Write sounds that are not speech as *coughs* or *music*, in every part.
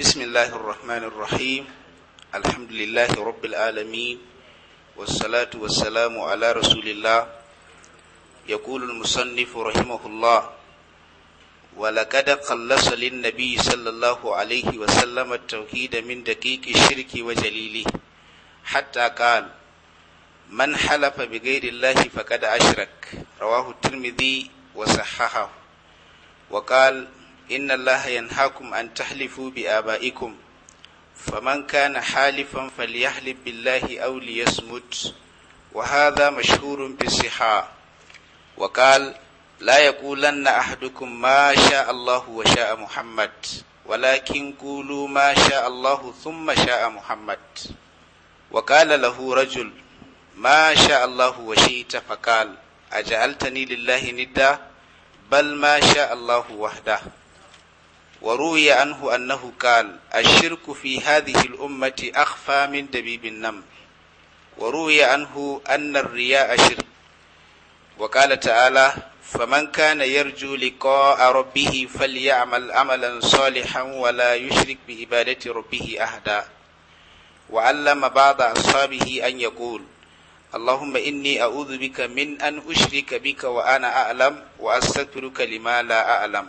بسم الله الرحمن الرحيم الحمد لله رب العالمين والصلاة والسلام على رسول الله يقول المصنف رحمه الله ولقد قلص للنبي صلى الله عليه وسلم التوحيد من دقيق الشرك وجليله حتى قال من حلف بغير الله فقد أشرك رواه الترمذي وصححه وقال إن الله ينهاكم أن تحلفوا بآبائكم فمن كان حالفا فليحلف بالله أو ليصمت وهذا مشهور بالصحة وقال لا يقولن أحدكم ما شاء الله وشاء محمد ولكن قولوا ما شاء الله ثم شاء محمد وقال له رجل ما شاء الله وشئت فقال أجعلتني لله ندا بل ما شاء الله وحده وروي عنه أنه قال الشرك في هذه الأمة أخفى من دبيب النمل وروي عنه أن الرياء شرك وقال تعالى فمن كان يرجو لقاء ربه فليعمل عملا صالحا ولا يشرك بعبادة ربه أحدا وعلم بعض أصحابه أن يقول اللهم إني أعوذ بك من أن أشرك بك وأنا أعلم وأستغفرك لما لا أعلم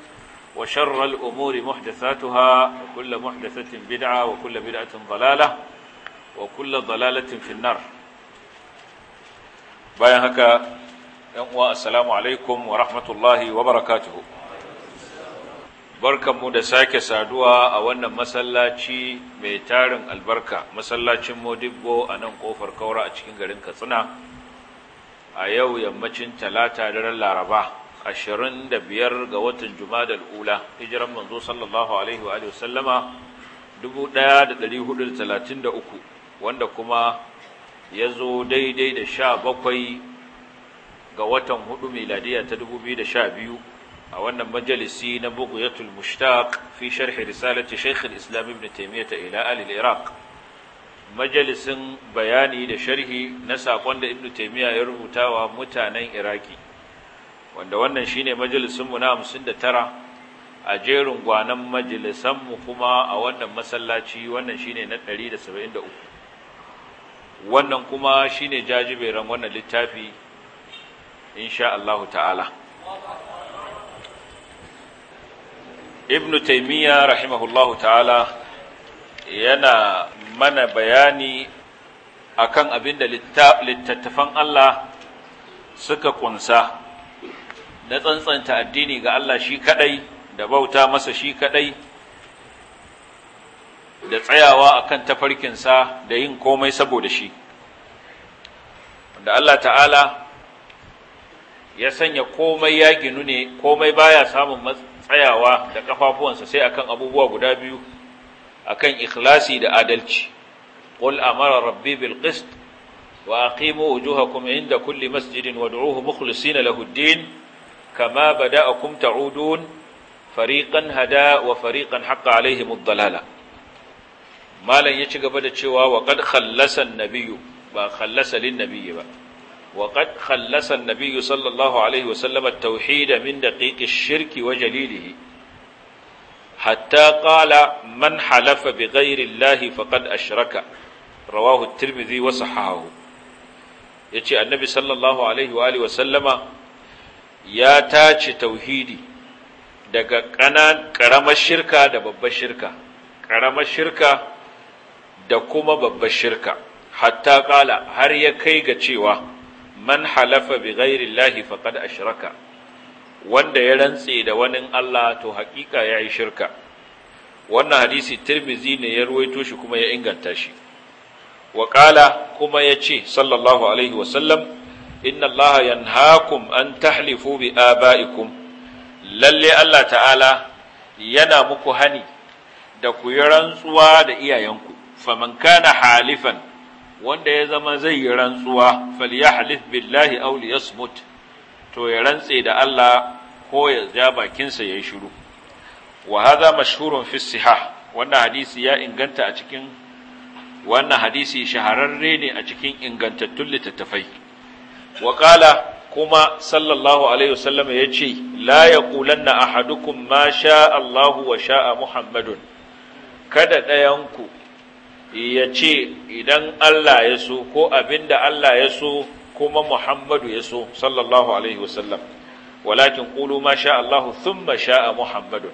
wa الأمور محدثاتها وكل محدثة بدعة وكل بدعة ضلالة وكل ضلالة في النار bayan haka uwa assalamu alaikum wa rahmatullahi wa barakatuhu barkanmu da sake saduwa a wannan masallaci mai tarin albarka masallacin Modibo a nan ƙofar kaura a cikin garin katsina a yau yammacin talata daren laraba ashirin da biyar ga watan juma'a Ula, hijiran manzo sallallahu Alaihi wa sallama dubu ɗaya da ɗari hudu da talatin da uku, wanda kuma ya zo daidai da sha bakwai ga watan hudu miladiya ta dubu biyu da sha biyu a wannan majalisi na ya Mushtaq fi sharhi risalati Sheikh islam Ibn Taymiyyah ila Ilaalil iraq Majalisin bayani da sharhi na saƙon da Ibn Taimiyya ya rubuta wa mutanen Iraki. wanda wannan shine majalisinmu na 59 a jerin gwanan majalisanmu kuma a wannan masallaci wannan shine na 173 wannan kuma shine jajiberan wannan littafi insha Allah ta'ala Ibn taymiya rahimahullahu ta'ala yana mana bayani akan abinda littattafan Allah suka kunsa na tsantsanta addini ga Allah shi kaɗai, da bauta masa shi kaɗai, da tsayawa akan tafarkinsa da yin komai saboda shi Da Allah ta'ala ya sanya komai ya ginu ne komai baya samun tsayawa da ƙafafuwansa sai akan abubuwa guda biyu akan ikhlasi da adalci qul amara rabbi bil qist wa aqimu wujuhakum inda kulli masjidin wad'uhu mukhlisina lahu ad-din kama bada'akum ta'udun fariqan hada wa fariqan haqqa alaihim ad-dalala malam ya ci gaba da cewa wa qad khallasa Nabiyu. ba khallasa Nabiyu ba wa qad khallasa an sallallahu alaihi wa sallam at-tauhid min daqiq shirki wa jalilihi hatta ƙala man halafa bi ghayri allahi faqad ashraka rawahu at-tirmidhi wa Ya ce annabi sallallahu alaihi wa sallama ya tace tauhidi daga ƙanan ƙaramar shirka da babbar shirka ƙaramar shirka da kuma babbar shirka hatta ƙala har ya kai ga cewa man halafa bi ghairillahi faqad ashraka wanda ya rantse da wani Allah to haƙiƙa yayi shirka wannan hadisi tirmizi ne ya ruwaito shi kuma ya inganta shi wa ƙala kuma ya ce sallallahu alaihi wasallam inna Yanhakum yanhaakum an tahlifu bi abaikum lalle Allah ta'ala yana muku hani da ku yi rantsuwa da iyayenku faman kana halifan wanda ya zama zai yi rantsuwa falyahlif billahi aw liyasmut to ya rantse da Allah ko ya ja bakinsa yayi shiru wa hadha mashhurun fi sihah wannan hadisi ya inganta a cikin wannan hadisi shahararre ne a cikin ingantattun littattafai wa kuma sallallahu alaihi wasallam ya ce la yaqulanna ahadukum ma sha Allahu wa sha'a Muhammadun kada ɗayanku ya ce idan Allah ya so ko abinda Allah ya so kuma Muhammadu ya so sallallahu alaihi wasallam walakin qulu ma sha Allahu thumma sha'a Muhammadu.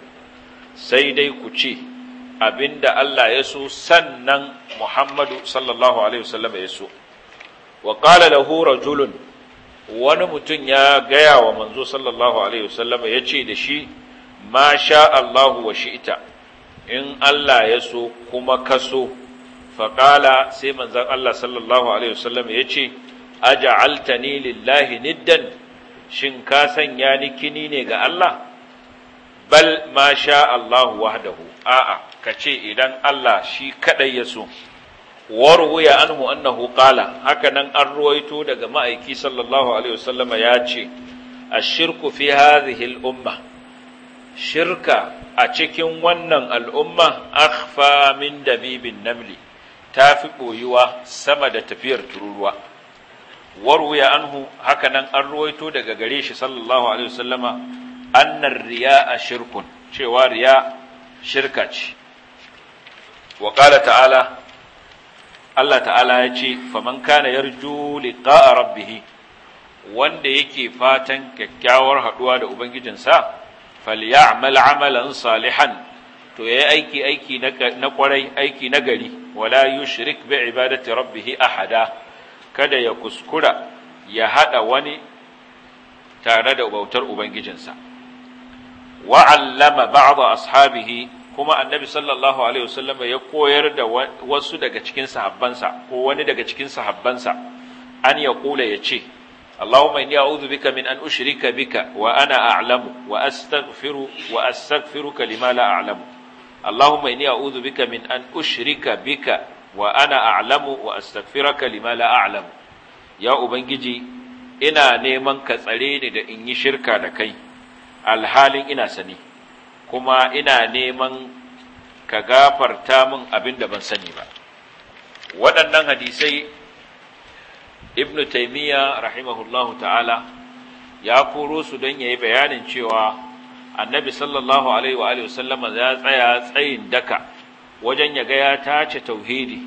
sai dai ku ce abinda Allah ya so sannan Muhammadu sallallahu alaihi wasallam ya so wa qala lahu rajulun wani mutum ya gaya wa manzo sallallahu alaihi wasallam ya ce da shi ma sha Allahu wa ita in Allah ya so kuma ka so faƙala sai manzon Allah sallallahu alaihi wasallam ya ce aja'altani lillahi niddan shin ka sanya ni kini ne ga Allah bal ma sha Allahu wahdahu a'a kace idan Allah shi kadai ya so warwaya anhu annahu qala hakanan an ruwaito daga ma'aiki sallallahu alaihi wasallama ya ce ashirku fi hadhihi al-umma shirka a cikin wannan al'umma akhfa min dabibin namli tafi boyuwa sama da tafiyar tururuwa warwaya anhu hakanan an ruwaito daga gare shi sallallahu alaihi wasallama annar riya'a shirkun cewa riya shirka ce wa qala ta'ala Allah ta'ala ya ce faman kana yarju liqa'a rabbih wanda yake fatan kyakkyawar haduwa da ubangijinsa falyamal amalan salihan to yayi aiki aiki na kwarai aiki na gari wala yushrik bi ibadati rabbihi ahada kada ya kuskura ya hada wani tare da bautar ubangijinsa wa'allama allama ashabihi kuma annabi sallallahu alaihi wasallam ya koyar da wasu daga cikin sahabbansa ko wani daga cikin sahabbansa an ya kula ya ce Allahumma inni a'udhu bika min an ushrika bika wa ana a'lamu wa astaghfiru wa astaghfiruka lima la a'lamu Allahumma inni a'udhu bika min an ushrika bika wa ana a'lamu wa astaghfiruka lima la a'lamu ya ubangiji ina neman ka tsare ni da in yi shirka da kai alhalin ina sani kuma ina neman ka gafarta min abin da ban sani ba waɗannan hadisai ibnu taimiyya rahimahullahu ta'ala ya koro su don yayi bayanin cewa annabi sallallahu alaihi wa sallama ya tsaya tsayin daka wajen ya ga ya tace tauhidi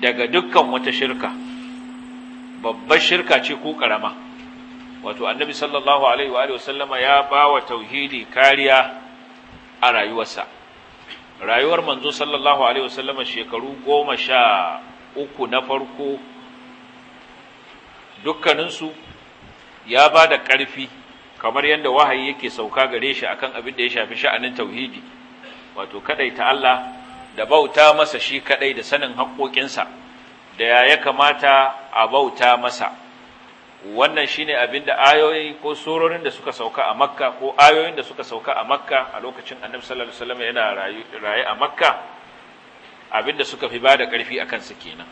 daga dukkan wata shirka babbar shirka ce ko ƙarama wato annabi sallallahu alaihi wa sallama ya ba wa tauhidi kariya a rayuwarsa rayuwar manzo sallallahu alaihi wa sallama shekaru goma sha uku na farko dukkaninsu ya ba da ƙarfi kamar yadda wahayi yake sauka gare shi akan abin da ya shafi sha'anin tauhidi wato ta Allah da bauta masa shi kadai da sanin haƙoƙinsa da ya kamata a bauta masa wannan shine abin da ayoyi ko surorin da suka sauka a makka ko ayoyin da suka sauka a makka a lokacin annabi sallallahu alaihi wasallam yana raye a makka abin da suka fi bada karfi akan su kenan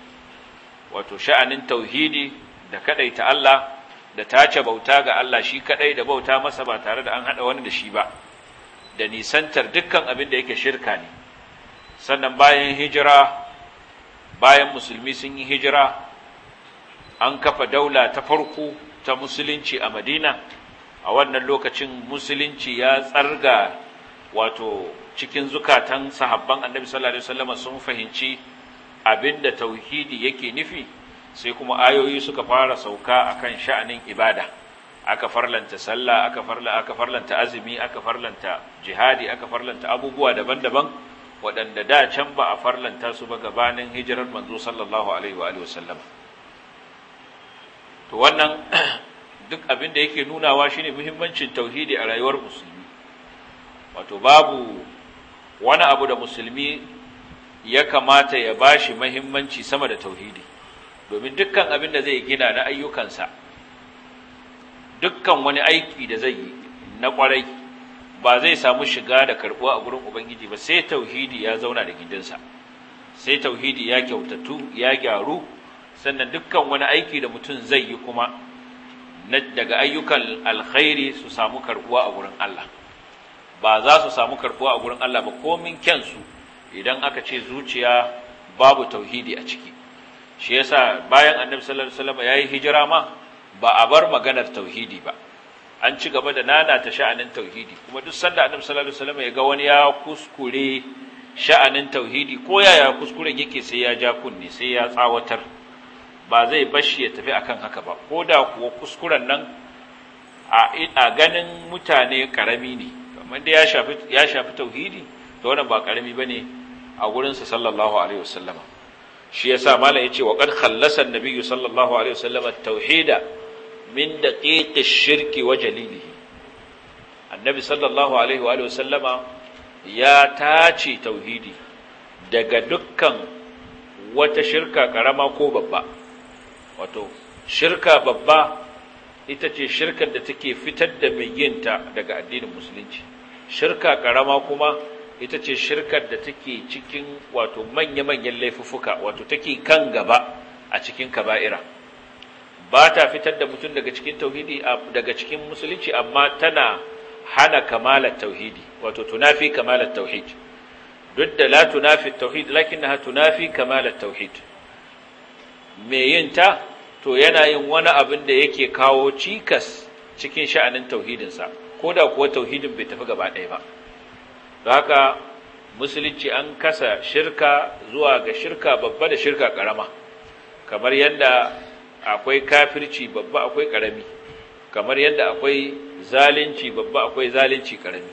wato sha'anin tauhidi da kadaita Allah da tace bauta ga Allah shi kadai da bauta masa ba tare da an hada wani da shi ba da nisantar dukkan abin da yake shirka ne sannan bayan hijira bayan musulmi sun yi hijira an kafa daula ta farko ta musulunci a madina a wannan lokacin musulunci ya tsarga wato cikin zukatan sahabban annabi sallallahu alaihi wasallam sun fahimci abinda tauhidi yake nufi sai kuma ayoyi suka fara sauka akan sha'anin ibada aka farlanta sallah aka farla aka farlanta azumi aka farlanta jihadi aka farlanta abubuwa daban-daban waɗanda da can ba a farlanta su ba gabanin hijirar manzo sallallahu alaihi wa alihi wasallam to wannan *clears throat* duk abin da yake nunawa shine muhimmancin tauhidi a rayuwar musulmi wato babu wani abu da musulmi ya kamata ya bashi muhimmanci sama da tauhidi domin dukkan abin da zai gina na ayyukansa dukkan wani aiki da zai yi na kwarai ba zai samu shiga da karbuwa a gurin ubangiji ba sai tauhidi ya zauna da gidansa, sai tauhidi ya kyautatu ya gyaru sannan dukkan wani aiki da mutum zai yi kuma daga ayyukan alkhairi su samu karbuwa a gurin Allah ba za su samu karbuwa a gurin Allah ba komin kyansu idan aka ce zuciya babu tauhidi a ciki shi yasa bayan annabi sallallahu alaihi wasallam yayi hijira ma ba a bar maganar tauhidi ba an ci gaba da nana ta sha'anin tauhidi kuma duk sanda annabi sallallahu alaihi wasallam ya ga wani ya kuskure sha'anin tauhidi ko yaya kuskure yake sai ya ja kunne sai ya tsawatar ba zai bashi ya tafi akan haka ba ko da kuwa kuskuren nan a ganin mutane karami ne kamar da ya shafi tauhidi to wannan ba karami ne a gurinsa sallallahu alaihi wasallama shi ya yasa malam yace wa qad khallasa an sallallahu alaihi wasallama tauhida min daqiqi ash-shirki wa jalilihi annabi sallallahu alaihi wa wasallama ya tace tauhidi daga dukkan wata shirka karama ko babba wato shirka babba ita ce shirkar da take fitar da mai daga addinin musulunci shirka karama kuma ita ce shirkar da take cikin wato manya-manyan laifuffuka wato take kan gaba a cikin kaba'ira ba ta fitar da mutum daga cikin tauhidi daga cikin musulunci amma tana hana kamalar tauhidi wato tunafi kamalar tauhid duk da la tunafi tauhid lakinnaha tunafi kamalar tauhid mai yin ta to yana yin wani abin da yake kawo cikas cikin sha'anin tauhidinsa ko da kuwa tauhidin bai tafi gaba ɗaya ba don haka musulunci an kasa shirka zuwa ga shirka babba da shirka ƙarama kamar yadda akwai kafirci babba akwai ƙarami kamar yadda akwai zalunci babba akwai zalunci ƙarami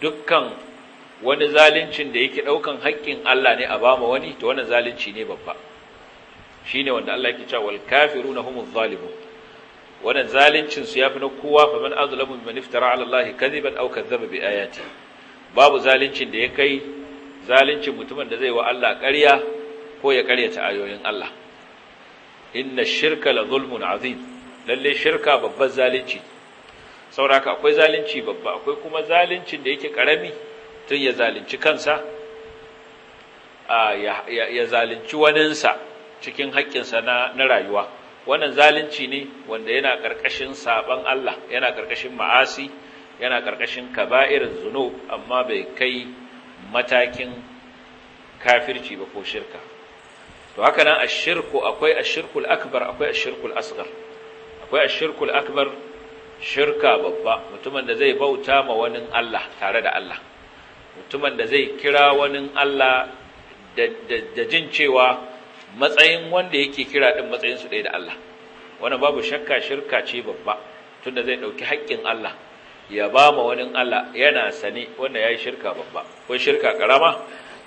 dukkan wani zaluncin da yake ɗaukan haƙƙin Allah ne a bama wani to wannan zalunci ne babba shine wanda Allah yake cewa wal kafiruna humuz zalimun wannan zalincin su yafi na kowa fa man azlamu mimman iftara ala Allah kadiban bi ayati babu zalincin da ya kai zalincin mutumin da zai wa Allah karya, ko ya ƙaryata ayoyin Allah inna shirka la zulmun azim lalle shirka babban zalunci sauraka akwai zalunci babba akwai kuma zaluncin da yake karami tun ya zalunci kansa ya zalunci waninsa cikin haƙƙinsa na, rayuwa wannan zalunci ne wanda yana ƙarƙashin sabon Allah yana ƙarƙashin ma'asi yana ƙarƙashin kaba'irin zuno amma bai kai matakin kafirci ba ko shirka to haka nan shirku, akwai a shirku akbar akwai a shirku asghar akwai a shirku akbar shirka babba mutumin da zai bauta ma wani Allah tare da Allah mutumin da zai kira wani Allah da jin cewa matsayin wanda yake kira din matsayin su da Allah wannan babu shakka shirka ce babba tunda zai dauki haƙƙin Allah ya ba ma wani Allah yana sani wanda yayi shirka babba ko shirka karama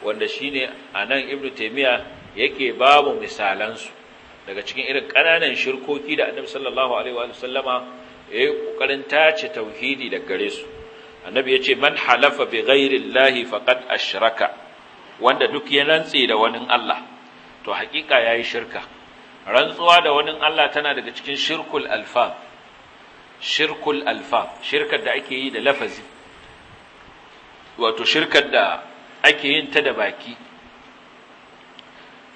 wanda shine anan Ibn Taymiyyah yake babu misalan su daga cikin irin ƙananan shirkoki da Annabi sallallahu alaihi wa sallama yi kokarin tace tauhidi da gare su Annabi yace man halafa bi ghairi Allah faqad ashraka wanda duk ya rantsi da wani Allah to ya yayi shirka rantsuwa da wani Allah tana daga cikin shirkul alfam shirkul alfam shirkar da ake yi da lafazi wato shirkar da ake yin ta da baki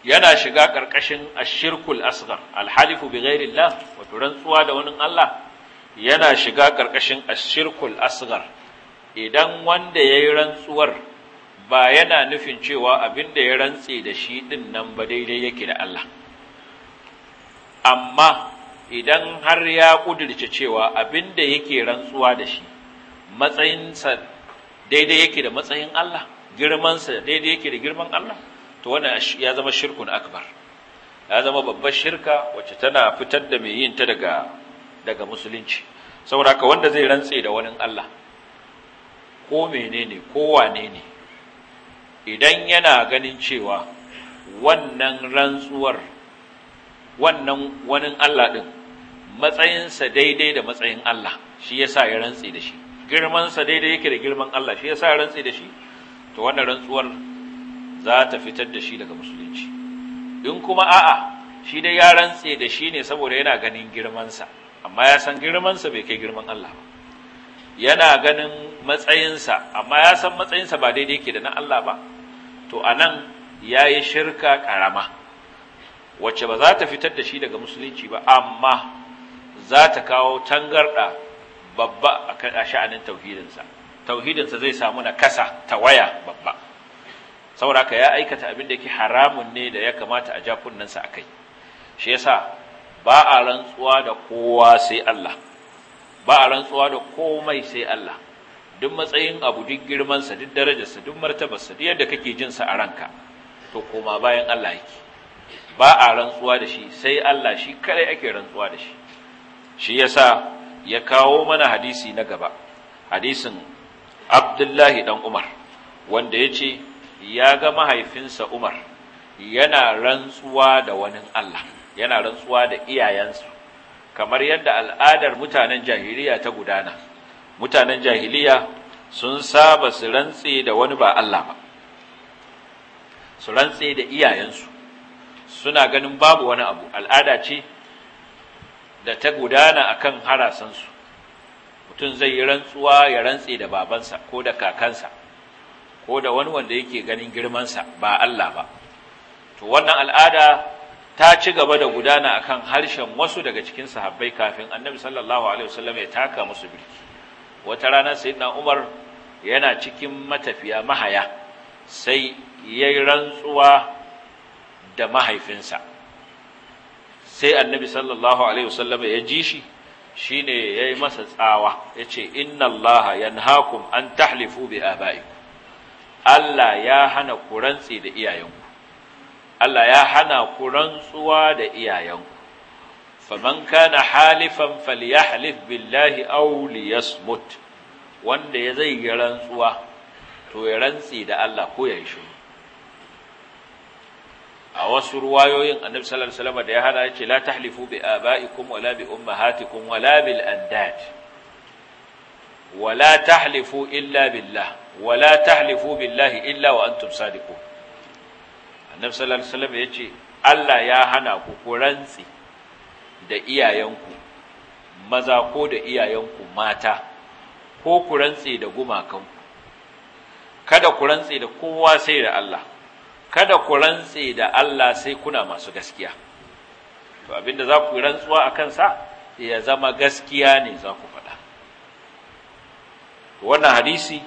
yana shiga ƙarƙashin ashirkul asghar alhalifu bi ghairillah wato rantsuwa da wani Allah yana shiga ƙarƙashin ashirkul asghar idan wanda yayi rantsuwar ba yana nufin cewa abin da ya rantse da shi ɗin nan ba daidai yake da Allah amma idan har ya ƙudirce cewa abin da yake rantsuwa da shi matsayinsa daidai yake da matsayin Allah girmansa daidai yake da girman Allah to wannan ya zama shirkun akbar ya zama babbar shirka wacce tana fitar da mai yin daga daga musulunci saboda ka wanda zai rantse da wani Allah ko menene ko wane ne idan yana ganin cewa wannan rantsuwar wannan wani Allah ɗin matsayinsa daidai da matsayin Allah shi ya sa ya rantsi da shi girmansa daidai yake da girman Allah shi ya sa ya rantsi da shi to wannan rantsuwar za ta fitar da shi daga musulunci in kuma a'a shi dai ya rantse da shi ne saboda yana ganin girmansa amma ya san girmansa bai kai girman Allah ba yana ganin matsayinsa amma ya san matsayinsa ba daidai ke da na Allah ba to anan ya yi shirka karama wacce ba za ta fitar da shi daga musulunci ba amma za ta kawo tangarda babba a sha'anin tauhidinsa tauhidinsa zai samu na kasa ta waya babba saboda ka ya aikata abin da yake haramun ne da ya kamata a ja kunnensa akai shi yasa ba a rantsuwa da kowa sai Allah ba a rantsuwa da komai sai Allah duk matsayin abu duk girmansa duk darajarsa duk martabarsa duk yadda kake jin sa a ranka to koma bayan Allah yake ba a rantsuwa da shi sai Allah shi kare ake rantsuwa da shi shi yasa ya kawo mana hadisi na gaba hadisin Abdullahi dan Umar wanda yace ya ga mahaifinsa Umar yana rantsuwa da wani Allah yana rantsuwa da iyayensa kamar yadda al'adar mutanen jahiliya ta gudana mutanen jahiliya sun saba su rantse da wani ba Allah ba su rantse da iyayensu suna ganin babu wani abu al'ada ce da ta gudana akan harasansu mutum zai yi rantsuwa ya rantse da babansa ko da kakansa ko da wani wanda yake ganin girmansa ba Allah ba to wannan al'ada ta ci gaba da gudana akan harshen wasu daga cikin sahabbai kafin annabi sallallahu alaihi wasallam ya taka musu birki wata rana sayyidina umar yana cikin matafiya mahaya sai yayi rantsuwa da mahaifinsa sai annabi sallallahu alaihi wasallam ya ji shi shine yayi masa tsawa yace inna allaha yanhaakum an tahlifu bi abaikum Allah ya hana ku rantsi da iyayenku Allah ya hana ku rantsuwa da iyayenku faman kana halifan falyahlif billahi aw liyasmut wanda ya zai yi rantsuwa to ya rantsi da Allah ko ya shi a wasu ruwayoyin annabi sallallahu alaihi wasallam da ya hana yace la tahlifu bi abaikum wala bi ummahatikum wala bil andad wala tahlifu illa billah wala tahlifu billahi illa wa antum sadiqun annabi sallallahu alaihi ya ce Allah ya hana ku ku rantsi da iyayenku maza ko da iyayenku mata ko ku rantse da gumakanku kada ku rantse da kowa sai da Allah kada ku rantse da Allah sai kuna masu gaskiya to abinda za ku rantsuwa a kansa ya zama gaskiya ne za ku faɗa wannan hadisi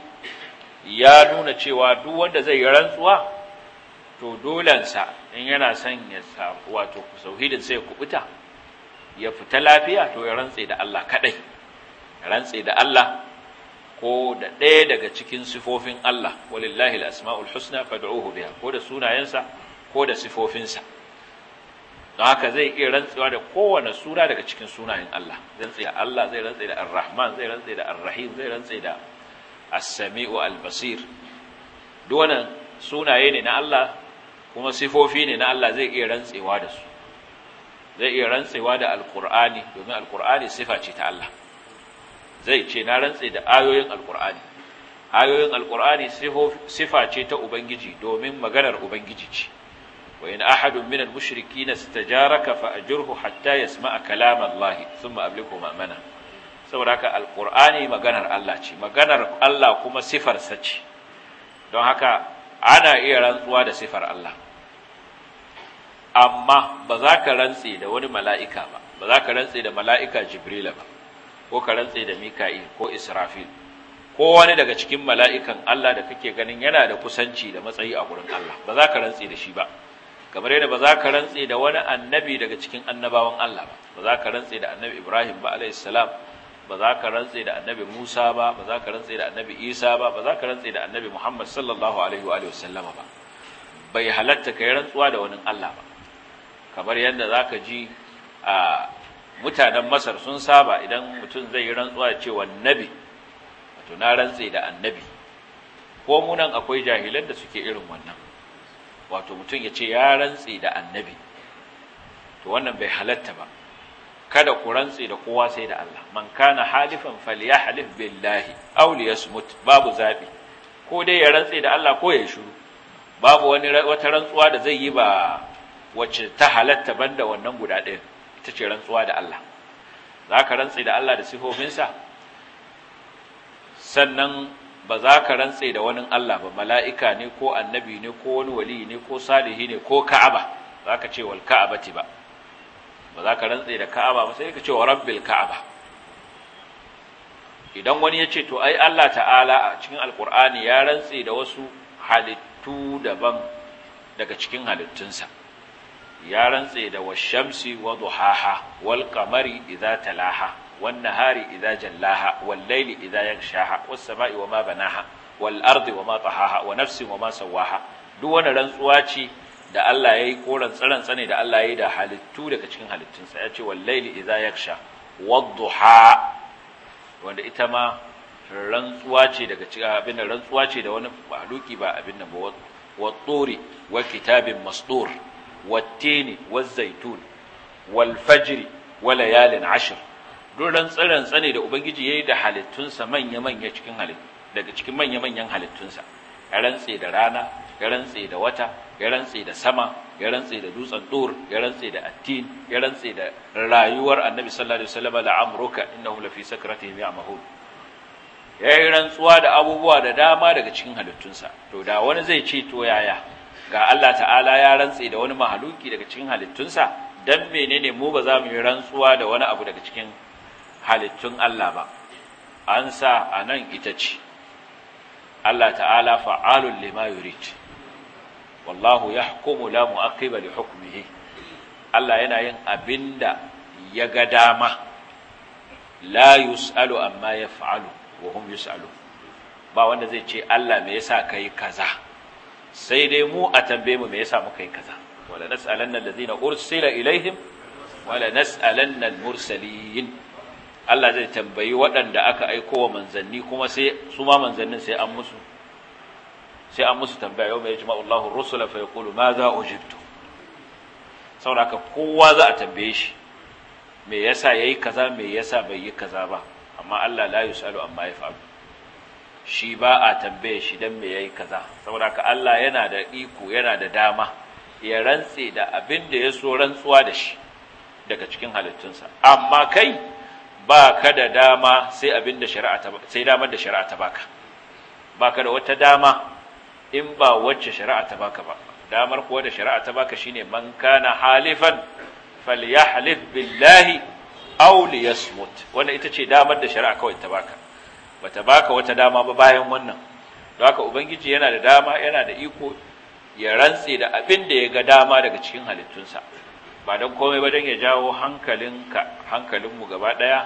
ya nuna cewa duk wanda zai yi rantsuwa to dolansa in yana son ya wato tauhidin sai ya kubuta ya fita lafiya to ya rantse da Allah kadai rantse da Allah ko da ɗaya daga cikin sifofin Allah walillahi al-asma'ul husna fad'uhu biha ko da sunayensa ko da sifofinsa don haka zai iya rantsewa da kowane suna daga cikin sunayen Allah zai rantse da Allah zai rantse da Ar-Rahman zai rantse da Ar-Rahim zai rantse da As-Sami'u al-Basir duk wannan sunaye ne na Allah kuma sifofi ne na Allah zai iya rantsewa da su zai iya rantsewa da alkur'ani domin alkur'ani sifa ce ta Allah zai ce na rantse da ayoyin alkur'ani ayoyin alkur'ani sifa ce ta ubangiji domin maganar ubangiji ce wa in ahadun minal mushrikin istajaraka fa ajurhu hatta yasma'a kalam Allah thumma ablighu ma'mana saboda haka alkur'ani maganar Allah ce maganar Allah kuma sifar sa ce don haka ana iya rantsuwa da sifar Allah amma ba za ka rantse da wani mala'ika ba ba za ka rantse da mala'ika jibrila ba ko ka rantse da mika'il ko israfil ko wani daga cikin mala'ikan Allah da kake ganin yana da kusanci da matsayi a wurin Allah ba za ka rantse da shi ba kamar yadda ba za ka rantse da wani annabi daga cikin annabawan Allah ba ba za ka rantse da annabi Ibrahim ba alayhi salam ba za ka rantse da annabi Musa ba ba za ka rantse da annabi Isa ba ba za ka rantse da annabi Muhammad sallallahu alaihi wa sallama ba bai halatta ka yi rantsuwa da wani Allah ba kamar yadda za ka ji a mutanen masar sun saba idan mutum zai yi rantsuwa ya ce wannabi wato na rantse da annabi ko munan akwai jahilan da suke irin wannan wato mutum ya ce ya rantse da annabi to wannan bai halatta ba kada ku rantse da kowa sai da Allah man kana halifan falyahlif billahi aw liyasmut babu zabi ko dai ya rantse da Allah ko ya shiru babu wani wata rantsuwa da zai yi ba wacce ta halatta banda wannan guda ɗaya ita ce rantsuwa da Allah za ka rantsi da Allah da sifofinsa sannan ba za ka rantsi da wani Allah ba mala'ika ne ko annabi ne ko wani wali ne ko salihi ne ko ka'aba za ka ce wal ti ba ba za ka rantsi da ka'aba ba sai ka ce wa rabbil ka'aba idan wani ya ce to ai Allah ta'ala a cikin Alƙur'ani ya rantsi da wasu halittu daban daga cikin halittunsa ya rantse da wa shamsi wa duhaha wal qamari idza talaha wan nahari idza jallaha wal layli idza yaghshaha was sama'i wa ma banaha wal ardi wa ma tahaha wa nafsin wa ma sawaha duk wani rantsuwa ce da Allah yayi ko rantsaran tsane da Allah yayi da halittu daga cikin halittunsa ya ce wal layli idza yaghsha wad duha wanda ita ma rantsuwa ce daga cikin abin da rantsuwa ce da wani mahaluki ba abin da ba wa tsori wa kitabin masdur wattini wazzaitun wal fajri wa layalin ashr duk rantsaran tsane da ubangiji yayi da halittunsa manya manya cikin halittu daga cikin manya manyan halittunsa ya rantse da rana ya rantse da wata ya rantse da sama ya rantse da dutsen dur ya rantse da attin ya rantse da rayuwar annabi sallallahu alaihi wasallam la amruka innahu lafi sakratihim ya'mahun ya yi rantsuwa da abubuwa da dama daga cikin halittunsa to da wani zai ce to yaya ga Allah ta'ala ya rantse da wani mahaluki daga cikin halittunsa dan menene mu ba za mu yi rantsuwa da wani abu daga cikin halittun Allah ba an sa a nan ita ce Allah ta'ala fa'alun lima yurid wallahu yahkumu la mu'aqqiba li hukmihi Allah yana yin abinda ya ga dama la yus'alu amma yaf'alu wa hum yus'alu ba wanda zai ce Allah me yasa kai kaza sai dai mu a tambaye mu me yasa muka yi kaza wala nas'alanna allazina ursila ilaihim wala nas'alanna al Allah zai tambayi waɗanda aka aiko wa manzanni kuma sai su ma manzannin sai an musu sai an musu tambaya yau mai jima'u Allahu rusula fa yaqulu ma za ujibtu saboda kowa za a tambaye shi me yasa yayi kaza me yasa bai yi kaza ba amma Allah la yusalu amma yaf'alu shi ba a tambaye shi dan me yayi kaza saboda ka Allah yana da iko yana da dama ya rantse da abin da ya so rantsuwa da shi daga cikin halittunsa amma kai ba ka da dama sai abin da shari'a ta sai damar da shari'a ta baka ba ka da wata dama in ba wacce shari'a ta baka ba damar kuwa da shari'a ta baka shine man kana halifan falyahlif billahi aw liyasmut wannan ita ce damar da shari'a kawai ta baka bata baka wata dama ba bayan wannan don haka ubangiji yana da dama yana da iko ya rantse da abin da ya ga dama daga cikin halittunsa ba don komai ba don ya jawo hankalinka hankalinmu gaba ɗaya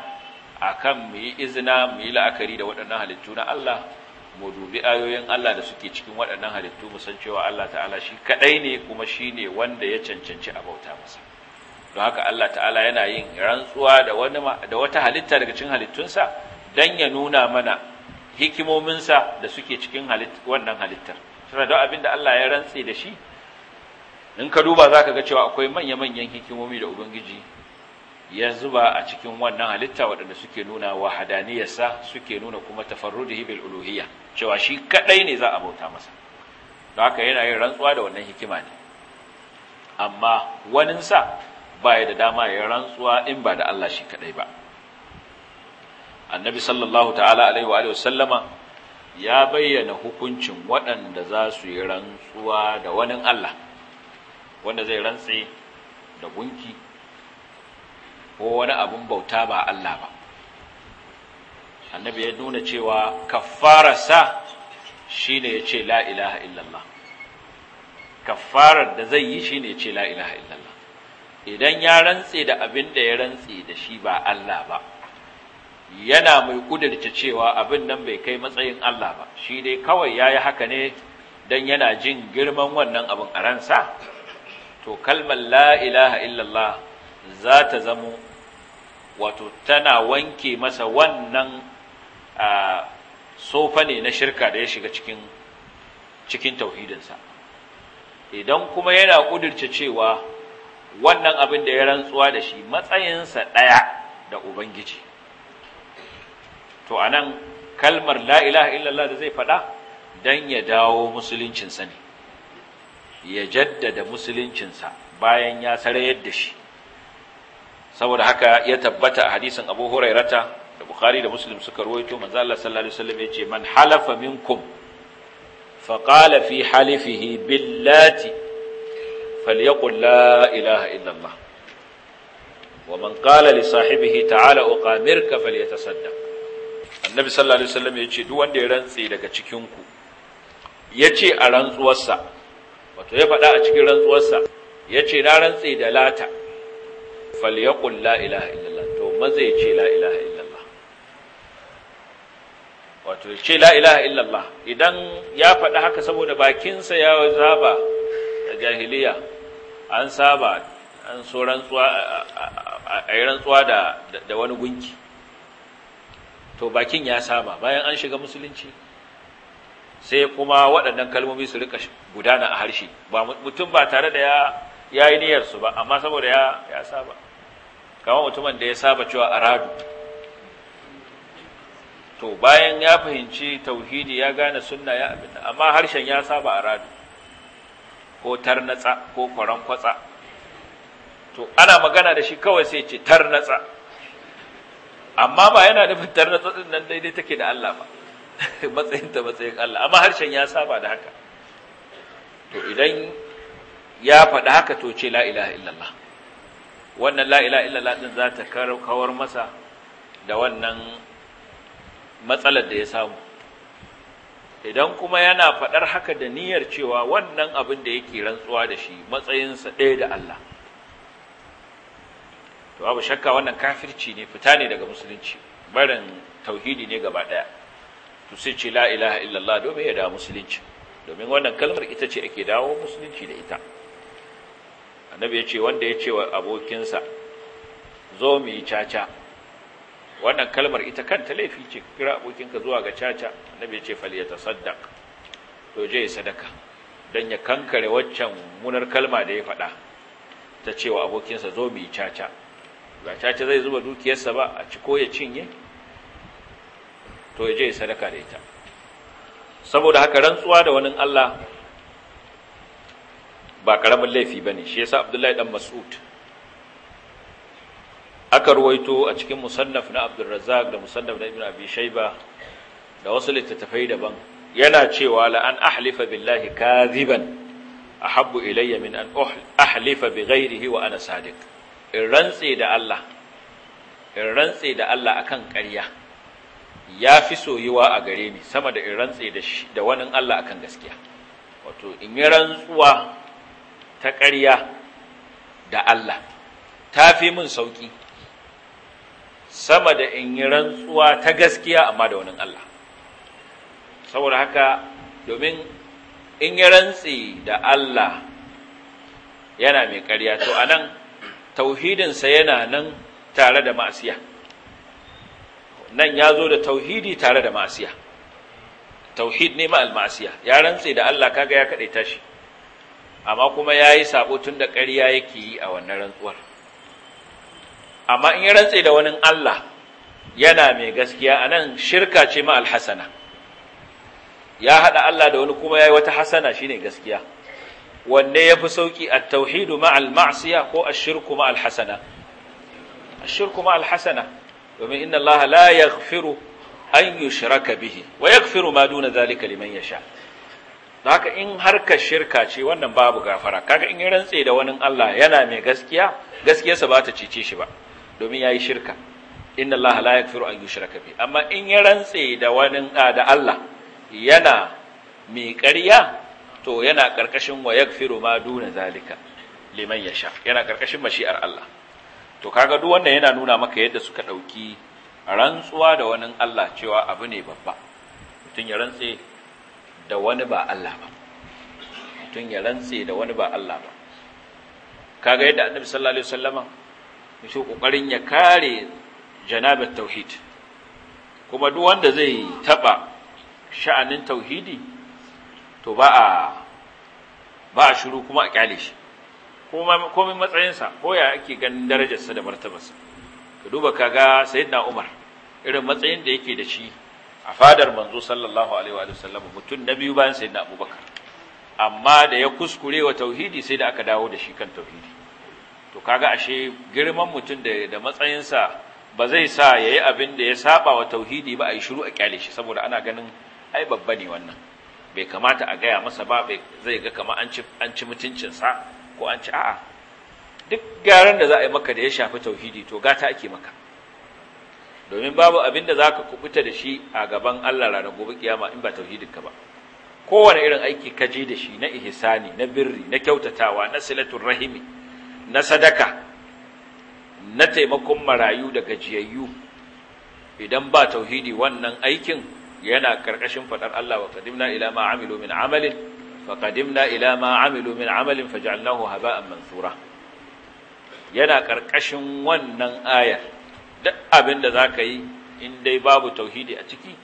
a kan mu yi izina mu yi la'akari da waɗannan halittu na Allah mu dubi ayoyin Allah da suke cikin waɗannan halittu mu san cewa Allah ta'ala shi kaɗai ne kuma shi ne wanda ya cancanci a bauta masa don haka Allah ta'ala yana yin rantsuwa da wata halitta daga cikin halittunsa dan ya nuna mana hikimominsa da suke cikin wannan halittar suna da abin da Allah ya rantse da shi in ka duba za ka ga cewa akwai manya-manyan hikimomi da ubangiji ya zuba a cikin wannan halitta waɗanda suke nuna wa sa suke nuna kuma da bil uluhiyya cewa shi kaɗai ne za a bauta masa don haka yana yin rantsuwa da wannan hikima ne amma waninsa ba ya da dama ya rantsuwa in ba da Allah shi kaɗai ba annabi sallallahu ta'ala alaihi wa sallama ya bayyana hukuncin waɗanda za su yi rantsuwa da wani Allah wanda zai rantse da gunki ko wani abin bauta ba Allah ba annabi ya nuna cewa shi ne ya ce la ilaha illallah kaffarar da zai yi shi ne ya ce la ilaha illallah idan ya rantse da abin da ya rantse da shi ba Allah ba yana mai kudirce cewa abin nan bai kai matsayin Allah ba shi dai kawai yayi haka ne dan yana jin girman wannan abin a ransa to kalmar la ilaha illallah za ta zamo wato tana wanke masa wannan sofa ne na shirka da ya shiga cikin cikin tauhidinsa idan kuma yana kudirce cewa wannan abin da ya rantsuwa da shi matsayinsa ɗaya da ubangiji to anan kalmar la ilaha illallah da zai faɗa dan ya dawo musuluncinsa ne ya jaddada musuluncinsa bayan ya sare da shi saboda haka ya tabbata a hadisin Abu Hurairata da Bukhari da Muslim suka ruwaito manzo Allah sallallahu alaihi wasallam yace man halafa minkum fa fi halifihi billati falyaqul la ilaha illa wa man ƙala li sahibihi ta'ala uqamirka falyatasaddaq annabi sallallahu alaihi wasallam ya ce duk wanda ya rantse daga cikin ku ya ce a rantsuwarsa wato ya faɗa a cikin rantsuwarsa ya ce na rantse da lata falyaqul la ilaha illallah to maza yace ce la ilaha illallah wato ya ce la ilaha illallah idan ya faɗa haka saboda bakinsa ya zaba da jahiliya an saba an so rantsuwa a yi rantsuwa da wani gunki to bakin ya saba bayan an shiga musulunci sai kuma waɗannan kalmomi su rika gudana a harshe ba mutum ba tare da ya yi niyyar su ba amma saboda ya ya saba kamar mutumin da ya saba cewa aradu to bayan ya fahimci tauhidi ya gane sunna ya abin amma harshen ya saba aradu ko tarnatsa ko kwaran kwatsa to ana magana da shi kawai sai ce tarnatsa amma ba yana nufin tarnatsatsin nan daidai take da Allah ba *laughs* matsayinta matsayin Allah amma harshen ya saba da haka to idan ya faɗi haka to ce la ilaha illallah wannan la ilaha illallah din za ta kawar masa da wannan matsalar da ya samu idan kuma yana faɗar haka da niyyar cewa wannan abin da yake rantsuwa da shi matsayinsa ɗaya da Allah to babu shakka wannan kafirci ne fita ne daga musulunci barin tauhidi ne gaba daya to sai ce la ilaha illallah domin ya dawo musulunci domin wannan kalmar ita ce ake dawo musulunci da ita annabi ya ce wanda ya ce wa abokinsa zo mu yi caca wannan kalmar ita kanta laifi ce kira abokinka zuwa ga caca annabi ya ce falyata saddaq to je sadaka dan ya kankare waccan munar kalma da ya faɗa ta ce wa abokinsa zo mu yi caca ba caca zai zuba dukiyarsa ba a ci ko ya cinye to ya je ya sadaka da ita saboda haka rantsuwa da wani Allah ba karamin laifi bane shi yasa Abdullahi dan Mas'ud aka ruwaito a cikin musannaf na Abdulrazak da musannaf na Ibn Abi Shayba da wasu littattafai daban yana cewa la'an an ahlifa billahi kaziban ahabbu ilayya min an ahlifa bighayrihi wa ana sadiq in rantse da Allah in rantse da Allah akan ƙarya ya fi soyuwa a gare ni sama da in rantse da da wani Allah akan gaskiya wato in yi rantsuwa ta ƙarya da Allah ta fi min sauƙi sama da in yi rantsuwa ta gaskiya amma da wani Allah saboda haka domin in yi rantse da Allah yana mai ƙarya to anan tauhidinsa yana nan tare da ma'asiya nan ya zo da tauhidi tare da ma'asiya tauhid ne ma'al ma'asiya ya rantse da Allah kaga ya kaɗe tashi. amma kuma ya yi sabo tun da ƙarya yake yi a wannan rantsuwar amma in ya rantse da wani Allah yana mai gaskiya a nan shirka ce ma'al hasana ya haɗa Allah da wani kuma ya yi wata hasana shine gaskiya wanne ya fi sauƙi a tauhidu ma'al ma'asiya ko a shirku ma'al hasana a shirku ma'al hasana domin inna allaha la ya an yi shiraka bihi wa ya ma duna zalika liman ya sha da haka in harka shirka ce wannan babu gafara kaga in yi rantse da wani allah yana mai gaskiya gaskiyarsa ba ta cece shi ba domin ya yi shirka inna allaha la ya an yi shiraka bihi amma in ya rantse da wani ah, da allah yana mai ƙarya to yana karkashin wa yakfiru ma duna zalika liman yasha yana karkashin mashi'ar Allah to kaga duk wannan yana nuna maka yadda suka dauki rantsuwa da wani Allah cewa abu ne babba mutum ya rantse da wani ba Allah ba mutum ya rantse da wani ba Allah ba kaga yadda Annabi sallallahu alaihi wasallama yake kokarin ya kare janabat tauhid kuma duk wanda zai taba sha'anin tauhidi to ba a ba a shiru kuma a kyale shi komai matsayinsa ko ya ake ganin darajarsa da martabarsa ka duba kaga sayyidina umar irin matsayin da yake da shi a fadar manzo sallallahu alaihi wa sallam mutum na biyu bayan sayyidina abubakar amma da ya kuskure wa tauhidi sai da aka dawo da shi kan tauhidi to kaga ashe girman mutum da da matsayinsa ba zai sa yayi abin da ya saba wa tauhidi ba a yi shiru a kyale shi saboda ana ganin ai babba ne wannan bai kamata a gaya masa ba zai ga kama an ci mutuncinsa ko an ci a'a duk gyaran da za a yi maka da ya shafi tauhidi to gata ake maka domin babu abin da za ka kubuta da shi a gaban Allah ranar gobe kiyama in ba tauhidin ka ba kowane irin aiki ka je da shi na ihsani na birri na kyautatawa na silatul rahimi na sadaka na taimakon marayu da gajiyayyu idan ba tauhidi wannan aikin yana karkashin fadar Allah wa qadimna ila ma amilu min amalin fa qadimna ila ma amilu min amalin faj'alnahu haba'an mansura yana karkashin wannan ayar duk abin da zaka yi in dai babu tauhidi a ciki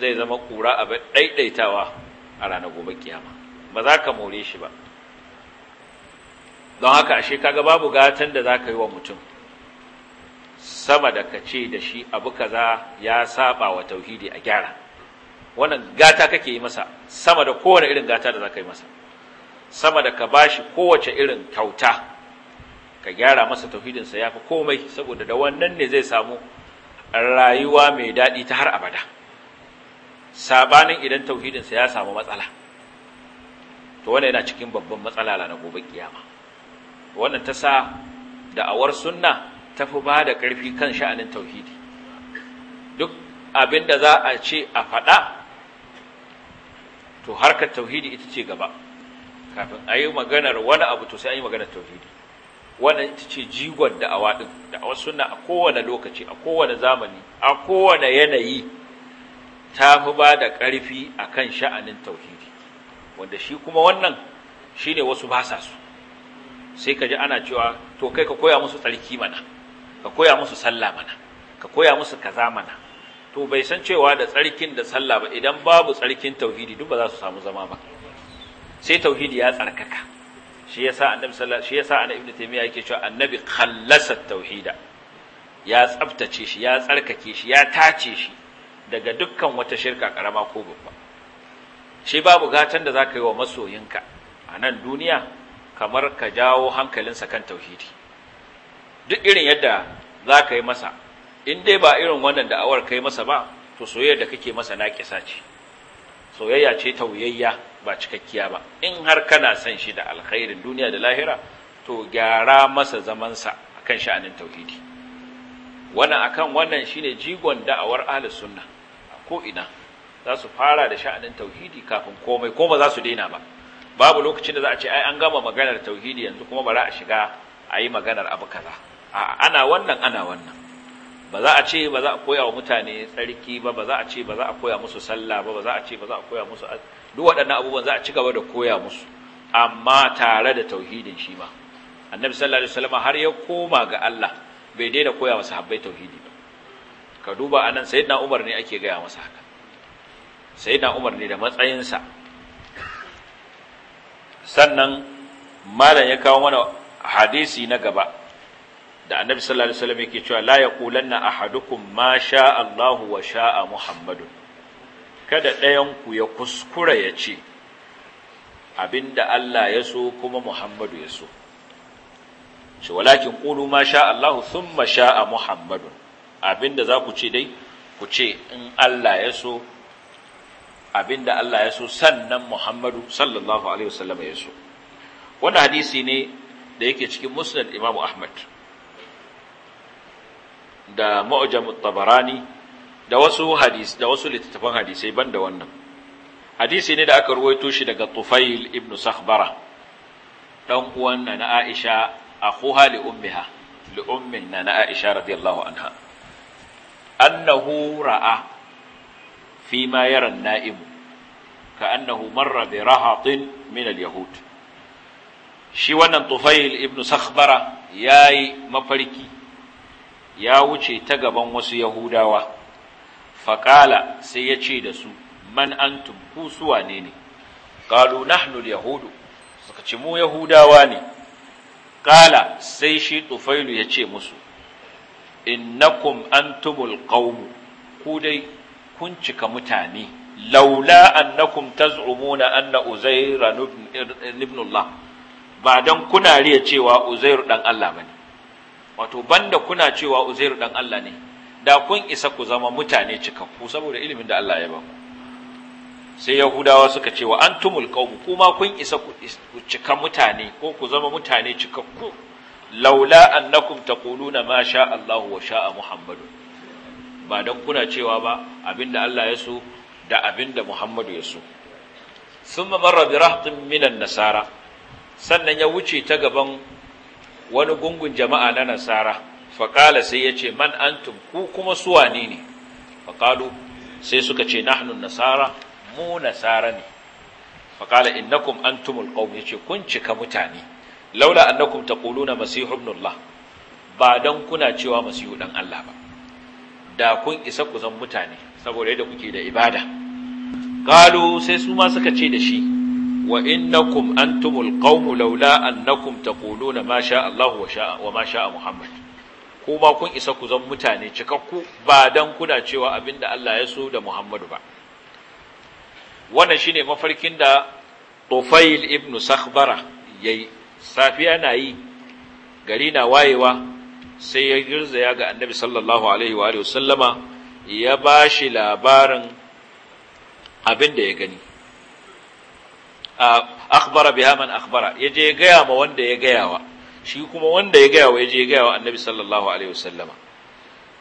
zai zama kura abin daidaitawa a ranar gobe kiyama ba za ka more shi ba don haka ashe kaga babu gatan da zaka yi wa mutum sama da kace da shi abu kaza ya saba wa tauhidi a gyara wannan gata kake yi masa sama da kowane irin gata da za ka yi masa sama da ka bashi kowace irin kyauta ka gyara masa tauhidinsa ya fi komai saboda da wannan ne zai samu rayuwa mai daɗi ta har abada sabanin idan tauhidinsa ya samu matsala to wannan yana cikin babban matsala na gobe kiyama wannan ta sa da awar sunna ta fi ba da ƙarfi kan sha'anin tauhidi duk abin da za a ce a faɗa to harkar tauhidi ita ce gaba kafin a yi maganar wani abu to sai an yi maganar tauhidi wannan ita ce jigon da'awa da suna a kowane lokaci a kowane zamani a kowane yanayi ta fi ba da ƙarfi a kan sha'anin tauhidi wanda shi kuma wannan shi ne wasu ba sa su sai ka ji ana cewa to kai ka koya musu tsarki mana ka koya musu sallah mana ka koya musu kaza mana to bai san cewa da tsarkin da sallah ba idan babu tsarkin tauhidi duk ba za su samu zama ba sai tauhidi ya tsarkaka shi yasa annabi sallallahu shi yasa annabi ibnu taymiya yake cewa annabi khallasa tauhida ya tsaftace shi ya tsarkake shi ya tace shi daga dukkan wata shirka karama ko babba shi babu gatan da zaka yi wa masoyinka a nan duniya kamar ka jawo hankalinsa kan tauhidi duk irin yadda zaka yi masa in dai ba irin wannan da'awar kai masa ba to soyayya da kake masa na kisa ce soyayya ce tauyayya ba cikakkiya ba in har kana son shi da alkhairin duniya da lahira to gyara masa zamansa akan sha'anin tauhidi wannan akan wannan shine jigon da'awar ahlus sunna ko ina za su fara da sha'anin tauhidi kafin komai ko ba za su daina ba babu lokacin da za a ce ai an gama maganar tauhidi yanzu kuma bara a shiga a yi maganar abu kaza ana wannan ana wannan ba za a ce ba za a koya wa mutane tsarki ba ba za a ce ba za a koya musu sallah ba ba za a ce ba za a koya musu duk waɗannan abubuwan za a ci gaba da koya musu amma tare da tauhidin shi ma annabi sallallahu alaihi wasallam har ya koma ga Allah bai daina koya masa habbai tauhidi ba ka duba anan sayyidina Umar ne ake gaya masa haka sayyidina Umar ne da matsayinsa sannan malam ya kawo mana hadisi na gaba da annabi sallallahu alaihi wasallam yake cewa la yaqulanna ahadukum ma sha Allahu wa sha'a Muhammadun kada ɗayan ku ya kuskura ya ce abinda Allah ya so kuma Muhammadu ya so shi walakin qulu ma sha Allah thumma sha Muhammadun abinda za ku ce dai ku ce in Allah ya so abinda Allah ya so sannan Muhammadu sallallahu alaihi wasallam ya so wannan hadisi ne da yake cikin musnad Imam Ahmad da mu'jam tabarani da wasu hadis da wasu littattafan hadisai da wannan hadisi ne da aka ruwaito shi daga Tufail ibn Sakhbara dan uwan na Aisha akhuha li ummiha li ummin na Aisha radiyallahu anha annahu ra'a fi ma yara an ka ka'annahu marra bi rahatin min al-yahud shi wannan Tufail ibn Sakhbara yayi mafarki ya wuce ta gaban wasu yahudawa faƙala sai ya ce da su man antum ku suwa ne ne ƙalu nahnu yahudu suka ce mu yahudawa ne ƙala sai shi tufailu ya ce musu innakum antumul qaumu ku dai kun cika mutane laula annakum taz'umuna anna uzair ibn Allah ba dan kuna riya cewa uzair ɗan Allah bane wato banda kuna cewa uzairu dan Allah ne da kun isa ku zama mutane cikakku saboda ilimin da Allah ya ba ku sai yahudawa suka ce wa antumul qawm kuma kun isa ku cika mutane ko ku zama mutane cikakku laula annakum taquluna ma sha Allah wa sha'a Muhammadu ba dan kuna cewa ba abinda Allah ya so da abinda Muhammadu ya so summa marra bi rahtin minan nasara sannan ya wuce ta gaban wani gungun jama'a na nasara faƙala sai ya ce man antum ku kuma suwane ne faƙalu sai suka ce nahnu nasara mu nasara ne faƙala innakum antumul qawm ce, kun cika mutane laula annakum taquluna masihu ibnullah ba dan kuna cewa masihu dan Allah ba da kun isa ku zan mutane saboda yadda kuke da ibada qalu sai su ma suka ce da shi wa innakum antumul qawmu laula annakum taquluna ma sha Allah wa sha wa ma sha Muhammad kuma kun isa ku zan mutane cikakku ba dan kuna cewa abinda Allah ya so da Muhammadu ba wannan shine mafarkin da Tufail ibn Sakhbara yayi safiya na yi gari na wayewa sai ya girzaya ga Annabi sallallahu alaihi wa sallama ya bashi labarin abin da ya gani akhbara biha man akhbara yaje ya gaya ma wanda ya gayawa shi kuma wanda ya gayawa yaje ya gayawa annabi sallallahu alaihi wasallama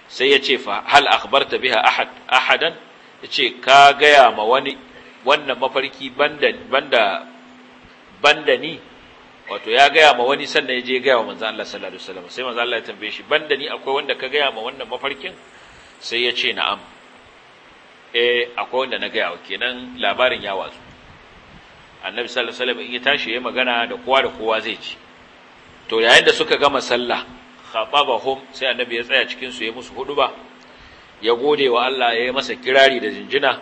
sai ya ce fa hal akhbarta biha ahad ahadan yace ka gaya ma wani wannan mafarki banda banda banda ni wato ya gaya ma wani sannan yaje ya gaya wa manzo Allah sallallahu alaihi wasallama sai manzo Allah ya tambaye shi banda ni akwai wanda ka gaya ma wannan mafarkin sai ya ce na'am eh akwai wanda na gaya wa kenan labarin ya watsu annabi sallallahu alaihi wasallam in ya tashi yayi magana da kowa da kowa zai ci to yayin da suka gama sallah khatabahum sai annabi ya tsaya cikin su ya musu huduba ya gode wa Allah ya yi masa kirari da jinjina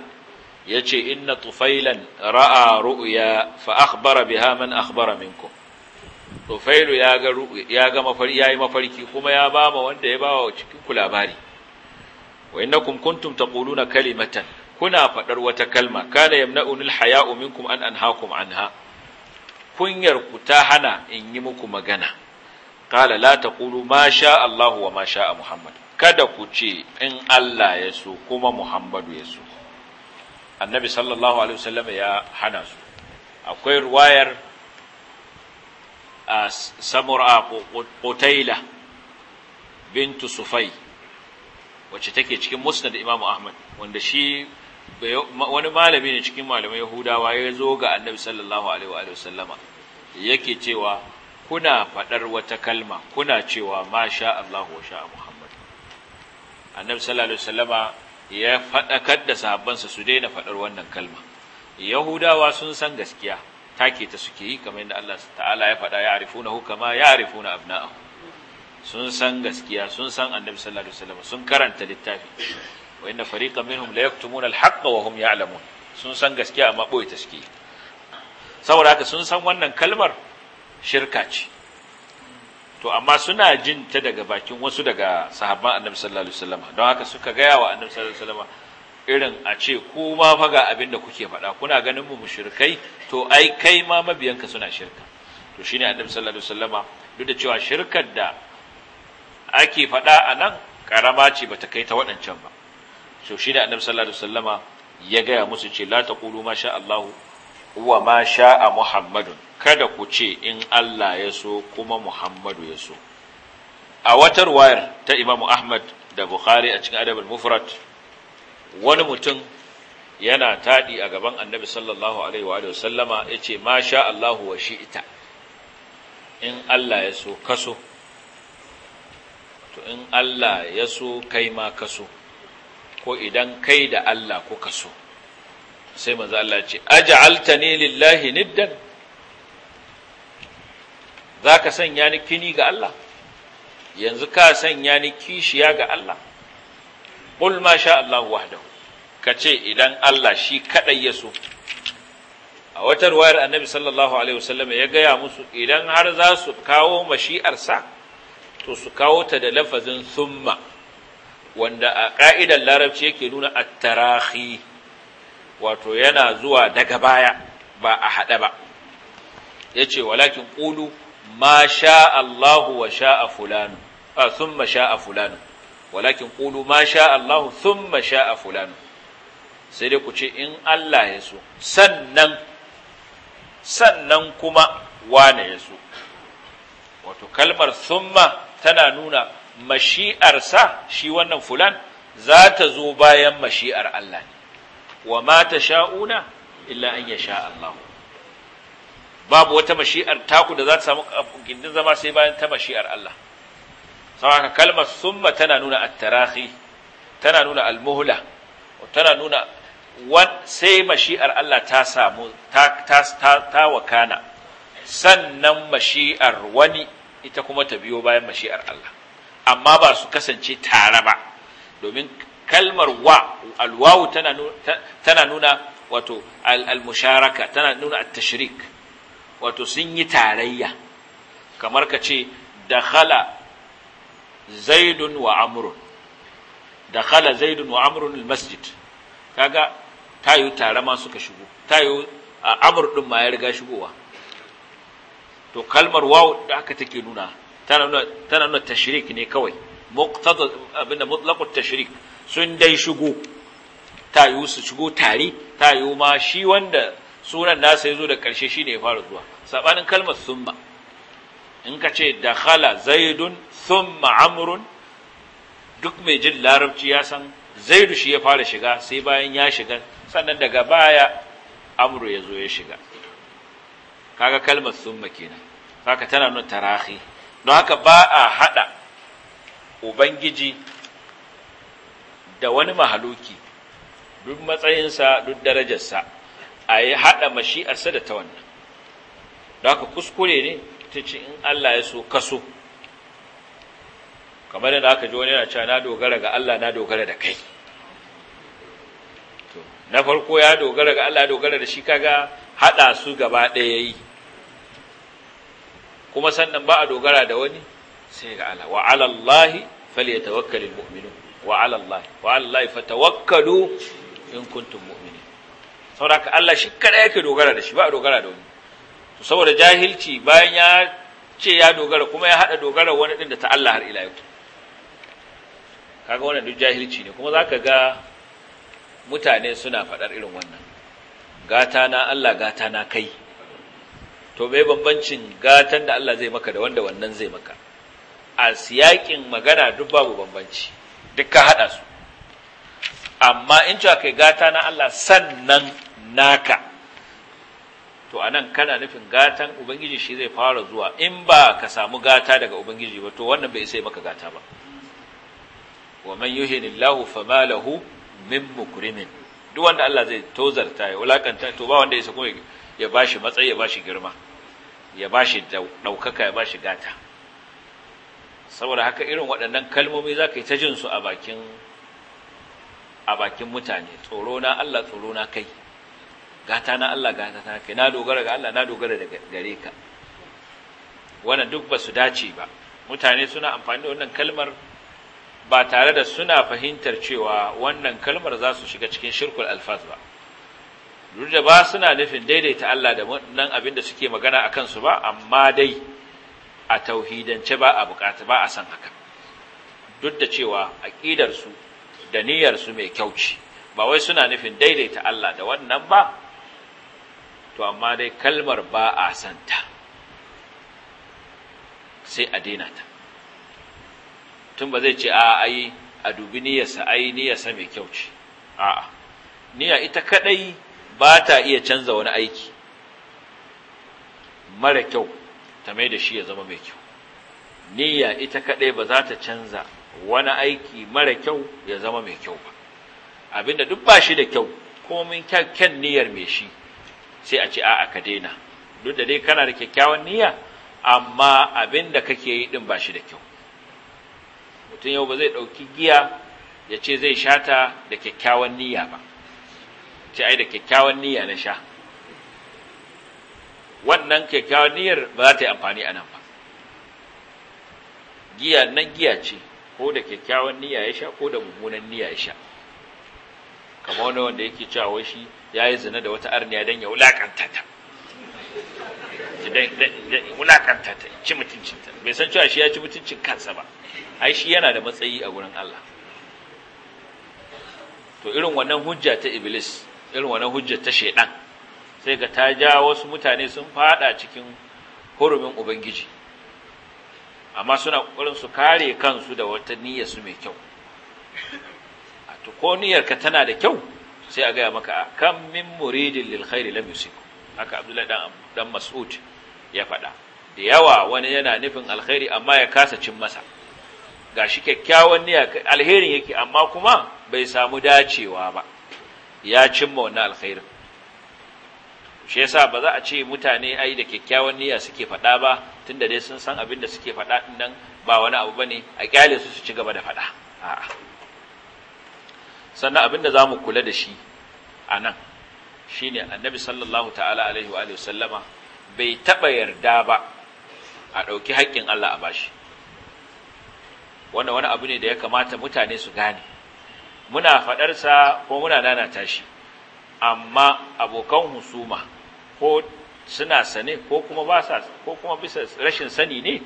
ya ce inna tufailan ra'a ru'ya fa akhbara biha man akhbara minkum tufailu ya ga ya ga mafari yayi mafarki kuma ya ba ma wanda ya bawa cikin ku labari wa innakum kuntum taquluna kalimatan kuna faɗar wata kalma kana yamna'unil haya'u minkum an anhaakum anha kunyar ku ta hana in yi muku magana qala la kulu ma sha Allahu wa ma sha Muhammad kada ku ce in Allah ya so kuma Muhammadu ya so annabi sallallahu alaihi wasallam ya hana su akwai ruwayar samura qutaila bintu sufai wacce take cikin musnad imamu ahmad wanda shi wani malami ne cikin malamai Yahudawa ya zo ga Annabi sallallahu alaihi wa sallama yake cewa kuna fadar wata kalma kuna cewa masha Allah wa sha Muhammad Annabi sallallahu alaihi sallama ya fadakar da sahabbansa su daina fadar wannan kalma Yahudawa sun san gaskiya take ta suke yi kamar yadda Allah ta'ala ya fada ya'rifuna arifunahu ma ya abna'ahu sun san gaskiya sun san Annabi sallallahu alaihi sallama sun karanta littafi wa inna fariqan minhum la yaktumuna al-haqqa wa hum ya'lamun sun san gaskiya saboda haka sun san wannan kalmar shirka ce to amma suna jin ta daga bakin wasu daga sahabban annabi sallallahu alaihi wasallam don haka suka gaya wa annabi sallallahu alaihi wasallam irin a ce ku ma fa ga abin da kuke faɗa kuna ganin mu mushrikai to ai kai ma mabiyanka suna shirka to shine annabi sallallahu alaihi wasallama duk da cewa shirkar da ake faɗa a nan karama ce bata kai ta waɗancan ba so shi da annabi sallallahu alaihi wasallama ya gaya musu ce la taqulu ma sha Allah wa ma sha'a Muhammadun kada ku ce in Allah ya so kuma Muhammadu ya so a watar wayar ta Imam Ahmad da Bukhari a cikin Adabul Mufrad wani mutum yana taɗi a gaban annabi sallallahu alaihi wa sallama ya ce ma sha Allahu wa shi'ita in Allah ya so kaso to in Allah ya so kai ma kaso ko idan kai da Allah kuka so sai manzo Allah ce aj'altani lillahi niddan zaka sanya ni kini ga Allah yanzu ka sanya ni kishiya ga Allah qul ma sha Allah wahdahu kace idan Allah shi kadai ya so a wata ruwayar annabi sallallahu alaihi wasallam ya gaya musu idan har za su kawo mashi'ar sa to su kawo ta da lafazin summa wanda a ƙa'idar larabci yake nuna attarahi wato yana zuwa daga baya ba a haɗa ba ya ce walakin ƙulu ma sha Allahu wa sha a a sun ma sha a fulanu walakin ƙulu ma sha Allahu sun ma sha a fulanu sai dai ku ce in Allah ya so sannan sannan kuma wane ya so wato kalmar summa tana nuna mashi'arsa shi wannan fulan za ta zo bayan mashi'ar Allah ne wa ma sha'una illa an yasha Allah babu wata mashi'ar taku da za ta samu gindin zama sai bayan ta mashi'ar Allah saboda kalmar summa tana nuna at tana nuna al-muhla tana nuna sai mashi'ar Allah ta samu ta ta wakana sannan mashi'ar wani ita kuma ta biyo bayan mashi'ar Allah amma ba su kasance tare ba domin kalmar wa alwawu tana nuna wato al-musharaka tana nuna at-tashrik wato sun yi tarayya kamar ka ce dakhala zaidun wa amrun dakhala zaidun wa amrun al-masjid kaga tayo tare ma suka shigo tayo amr din ma ya riga shigowa to kalmar wawu da haka take nuna tana nuna tashrik ne kawai muqtada abinda mutlaqut tashrik sun dai shigo ta yiwu su shigo tare ta yiwu ma shi wanda sunan nasa ya zo da ƙarshe shi ne ya fara zuwa saɓanin kalmar summa in ka ce dakhala zaidun summa amrun duk mai jin larabci ya san zaidu shi ya fara shiga sai bayan ya shiga sannan daga baya amru ya zo ya shiga kaga kalmar summa kenan saka tana nuna tarahi don haka ba a haɗa ubangiji da wani mahaluki duk matsayinsa duk darajarsa a yi haɗa mashi'arsa da ta wannan don haka kuskure ne ta ce in Allah ya so kaso kamar yadda aka ji wani yana cewa na dogara ga Allah na dogara da kai na farko ya dogara ga Allah ya dogara da shi kaga haɗa su gaba ɗaya yi kuma sannan ba a dogara da wani sai ga Allah wa ala Allah falyatawakkalul mu'minun wa ala Allah wa ala Allah fatawakkalu in kuntum mu'minin saboda Allah shi kada yake dogara da shi ba a dogara da wani to saboda jahilci bayan ya ce ya dogara kuma ya hada dogara wani din da ta Allah har ila yau kaga wannan duk jahilci ne kuma zaka ga mutane suna fadar irin wannan gata na Allah gata na kai to bai bambancin gatan da Allah zai maka da wanda wannan zai maka a siyakin magana duk babu bambanci duk ka haɗa su amma in cewa kai gata na Allah sannan naka to a kana nufin gatan ubangiji shi zai fara zuwa in ba ka samu gata daga ubangiji ba to wannan bai sai maka gata ba wa man yuhinillahu fama lahu min mukrimin duk wanda Allah zai tozarta ya wulakanta to ba wanda ya sako ya bashi matsayi ya bashi girma ya ba shi ɗaukaka ya ba shi gata saboda haka irin waɗannan kalmomi za ka yi ta jinsu a bakin a bakin mutane tsoro na Allah tsoro na kai gata na Allah gata na kai na dogara ga Allah na dogara da gare ka wannan duk ba su dace ba mutane suna amfani da wannan kalmar ba tare da suna fahimtar cewa wannan kalmar za su shiga cikin shirkul alfaz ba duk ba suna nufin daidaita Allah da nan abin da suke magana a kansu ba amma dai a tauhidance ba a bukata ba a san haka duk da cewa aqidarsu da niyyarsu mai kyauci ba wai suna nufin daidaita Allah da wannan ba to amma dai kalmar ba a santa sai a daina ta tun ba zai ce a ai a dubi niyyarsa ai niyyarsa mai kyauci a'a niyya ita kadai ba ta iya canza wani aiki mara kyau ta mai da shi ya zama mai kyau niyya ita kaɗai ba za ta canza wani aiki mara kyau ya zama mai kyau ba abinda duk ba shi da kyau komin kyan niyyar mai shi sai a ce a'a ka daina duk da dai kana da kyakkyawan niyya amma abinda kake yi din ba shi da kyau mutum yau ba zai ɗauki giya ya ce zai shata da kyakkyawan niyya ba ce ai da kyakkyawan niyya na sha wannan kyakkyawan niyyar ba za ta yi amfani a nan ba giya nan giya ce ko da kyakkyawan niyya ya sha ko da mummunan niyya ya sha kamar wani wanda yake cewa wai shi ya yi zina da wata arniya don ya wulakanta ta wulakanta ta ci mutuncinta bai san cewa shi ya ci mutuncin kansa ba ai shi yana da matsayi a gurin Allah to irin wannan hujja ta iblis irin wani hujjar ta shedan sai ga ta ja wasu mutane sun fada cikin hurumin ubangiji amma suna kokarin su kare kansu da wata niyyar su mai kyau a to ko niyyar ka tana da kyau sai a gaya maka kam min muridin lil khair lam yusik haka abdullahi dan dan mas'ud ya faɗa da yawa wani yana nufin alkhairi amma ya kasa cin masa gashi kyakkyawan niyya alherin yake amma kuma bai samu dacewa ba ya cimma wannan alkhairin shi yasa ba za a ce mutane ai da kyakkyawan niyya suke faɗa ba tunda dai sun san abin da suke faɗa din ba wani abu bane a kyale su su ci gaba da faɗa a'a sannan abin da zamu kula da shi a nan shine annabi sallallahu ta'ala alaihi wa sallama bai taɓa yarda ba a ɗauki haƙƙin Allah a bashi wannan wani abu ne da ya kamata mutane su gane muna faɗarsa ko muna nanata shi amma abokan husuma ko suna sane ko kuma ba sa ko kuma bisa rashin sani ne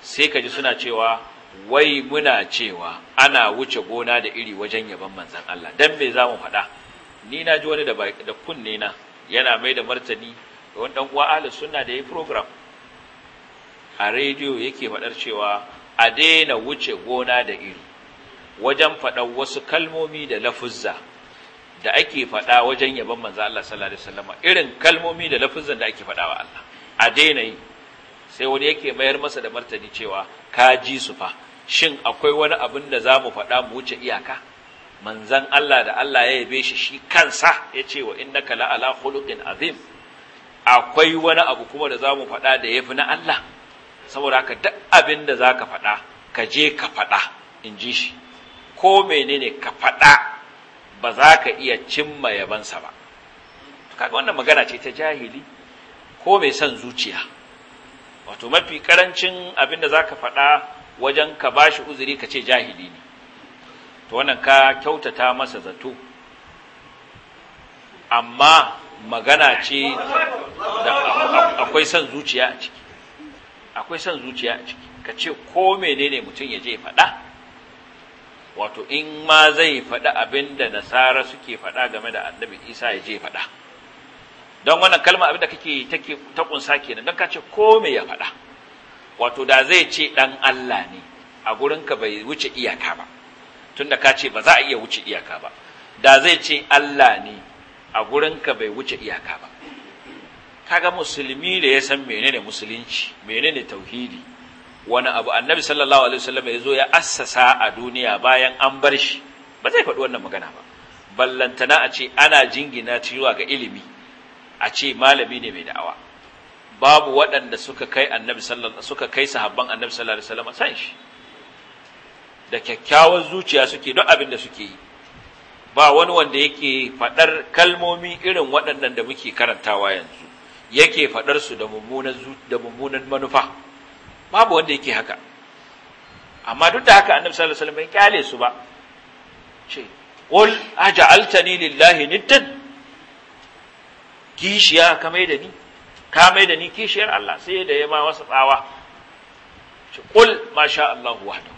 sai ka ji suna cewa wai muna cewa ana wuce gona da iri wajen yaban manzan Allah dan me za mu faɗa ni na ji wani da da kunne na yana mai da martani da wani dan uwa ahli sunna da yayi program a rediyo yake faɗar cewa a daina wuce gona da iri wajen faɗan wasu kalmomi da lafuzza da ake faɗa wajen yaban manzo Allah sallallahu alaihi wasallam irin kalmomi da lafuzzan da ake faɗa wa Allah a daina yi sai wani yake mayar masa da martani cewa ka ji su fa shin akwai wani abin da zamu faɗa mu wuce iyaka manzan Allah da Allah ya yabe shi shi kansa ya ce wa innaka la ala khuluqin azim akwai wani abu kuma da zamu faɗa da yafi na Allah saboda haka duk abin da zaka faɗa ka je ka faɗa in ji shi ko menene ka faɗa ba za ka iya cimma yabansa ba kaga wannan magana ce ta jahili ko mai son zuciya wato mafi karancin abin da za ka faɗa wajen ka ba shi uzuri ka ce jahili ne to wannan ka kyautata masa zato amma magana ce da akwai son zuciya a ciki akwai son zuciya a ciki ka ce ko menene mutum ya je faɗa wato in ma zai faɗi abin da nasara suke faɗa game da annabi isa ya je faɗa don wannan kalma abin da kake ta kunsa nan, don ka ce ko me ya faɗa wato da zai ce ɗan Allah ne a gurinka bai wuce iyaka ba da ka ce ba za a iya wuce iyaka ba da zai ce Allah ne a gurinka bai wuce iyaka ba kaga musulmi da ya san menene musulunci menene tauhidi wani abu annabi sallallahu alaihi wasallam ya zo ya assasa a duniya bayan an bar shi ba zai faɗi wannan magana ba ballantana a ce ana jingina ciwa ga ilimi a ce malami ne mai da'awa babu waɗanda suka kai annabi sallallahu suka kai sahabban annabi sallallahu alaihi wasallam san shi da kyakkyawan zuciya suke duk abin da suke yi ba wani wanda yake faɗar kalmomi irin waɗannan da muke karantawa yanzu yake faɗar su da mummunan da mummunan manufa babu wanda yake haka amma duk da haka annabi sallallahu alaihi wasallam bai kyale su ba ce qul aj'altani lillahi niddan kishiya ka mai da ni ka mai da ni kishiyar Allah sai da ya ma wasa tsawa ce qul masha Allah wahdahu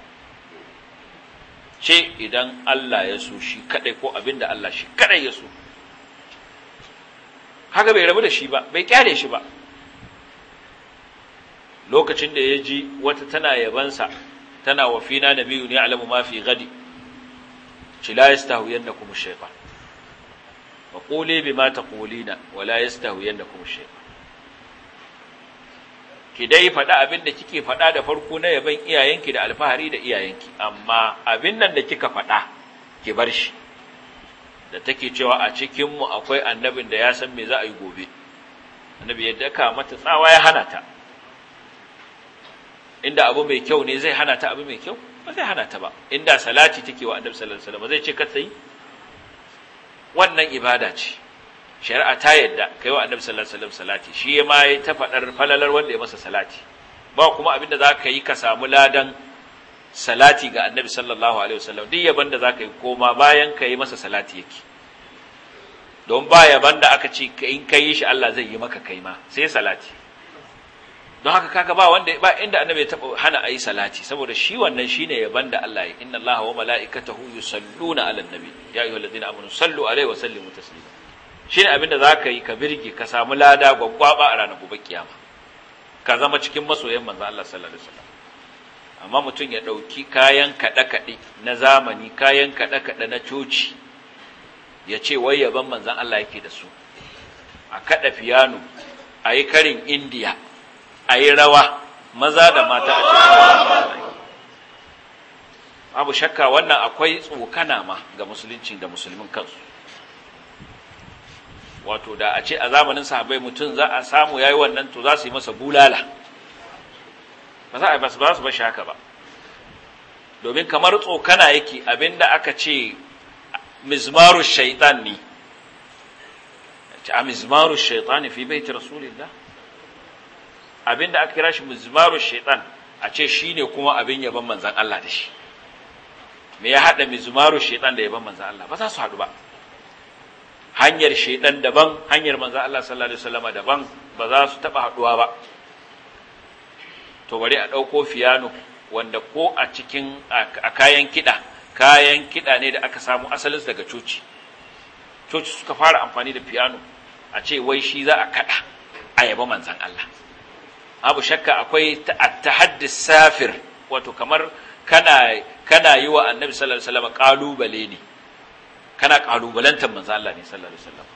ce idan Allah ya so shi kadai ko abinda Allah shi kadai ya so haka bai rabu da shi ba bai kyale shi ba lokacin da ya ji wata tana yabansa tana wa fina biyu ne ma fi gadi ci la yastahuyannakum ash-shaytan wa quli bima taqulina wa la yadda kuma shaytan ki dai faɗa abin da kike faɗa da farko na yaban iyayenki da alfahari da iyayenki amma abin nan da kika faɗa ki bar shi da take cewa a cikinmu akwai annabin da ya san me za a yi gobe annabi ya daka mata tsawa ya hana ta inda abu mai kyau ne zai hana ta abu mai kyau ba zai hana ta ba inda salati take wa annabi sallallahu alaihi wasallam zai ce ka tsayi wannan ibada ce shari'a ta yadda kai wa annabi sallallahu alaihi wasallam salati shi ma ya ta fadar falalar wanda ya masa salati ba kuma abin da zaka yi ka samu ladan salati ga annabi sallallahu alaihi wasallam duk yaban da zaka yi koma bayan ka yi masa salati yake don ba yaban da aka ce in ka yi shi Allah zai yi maka kai ma sai salati don haka kaga ba wanda ba inda annabi ya taba hana ayi salati saboda shi wannan shine yaban da Allah ya inna Allah wa mala'ikatahu yusalluna 'alan nabi ya ladina amanu sallu 'alaihi wa sallimu taslima shine abinda zaka yi ka birge ka samu lada gwaggwaba a ranar gobe kiyama ka zama cikin masoyan manzo Allah sallallahu alaihi wasallam amma mutum ya dauki kayan kada kade na zamani kayan kada kade na coci ya ce wai yaban manzon Allah yake da su a kada fiyano a yi karin indiya a yi rawa maza da mata a cikin abu shakka wannan akwai tsokana ma ga musulunci da musulmin kansu wato da a ce a zamanin sahabai mutum za a samu yayi wannan to za su yi masa bulala ba za a ba su ba shi haka ba domin kamar tsokana yake abinda aka ce mizmarus shaitan ne a mizmarus shaitan fi baiti rasulillah Abin da aka kira shi mizmaru shaitan a ce shi ne kuma abin yaban manzan Allah da shi me ya haɗa mizmaru shaitan da yaban manzan Allah ba za su haɗu ba hanyar shaitan daban hanyar manzan Allah sallallahu alaihi wasallama daban ba za su taɓa haɗuwa ba to bari a ɗauko fiyano wanda ko a cikin a kayan kiɗa kayan kiɗa ne da aka samu asalin daga coci coci suka fara amfani da fiyano a ce wai shi za a kaɗa a yaba manzan Allah abu shakka akwai at-tahaddis safir wato kamar kana kana yi wa annabi sallallahu alaihi wasallam kalubale ne kana kalubalantar manzo Allah ne sallallahu alaihi wasallam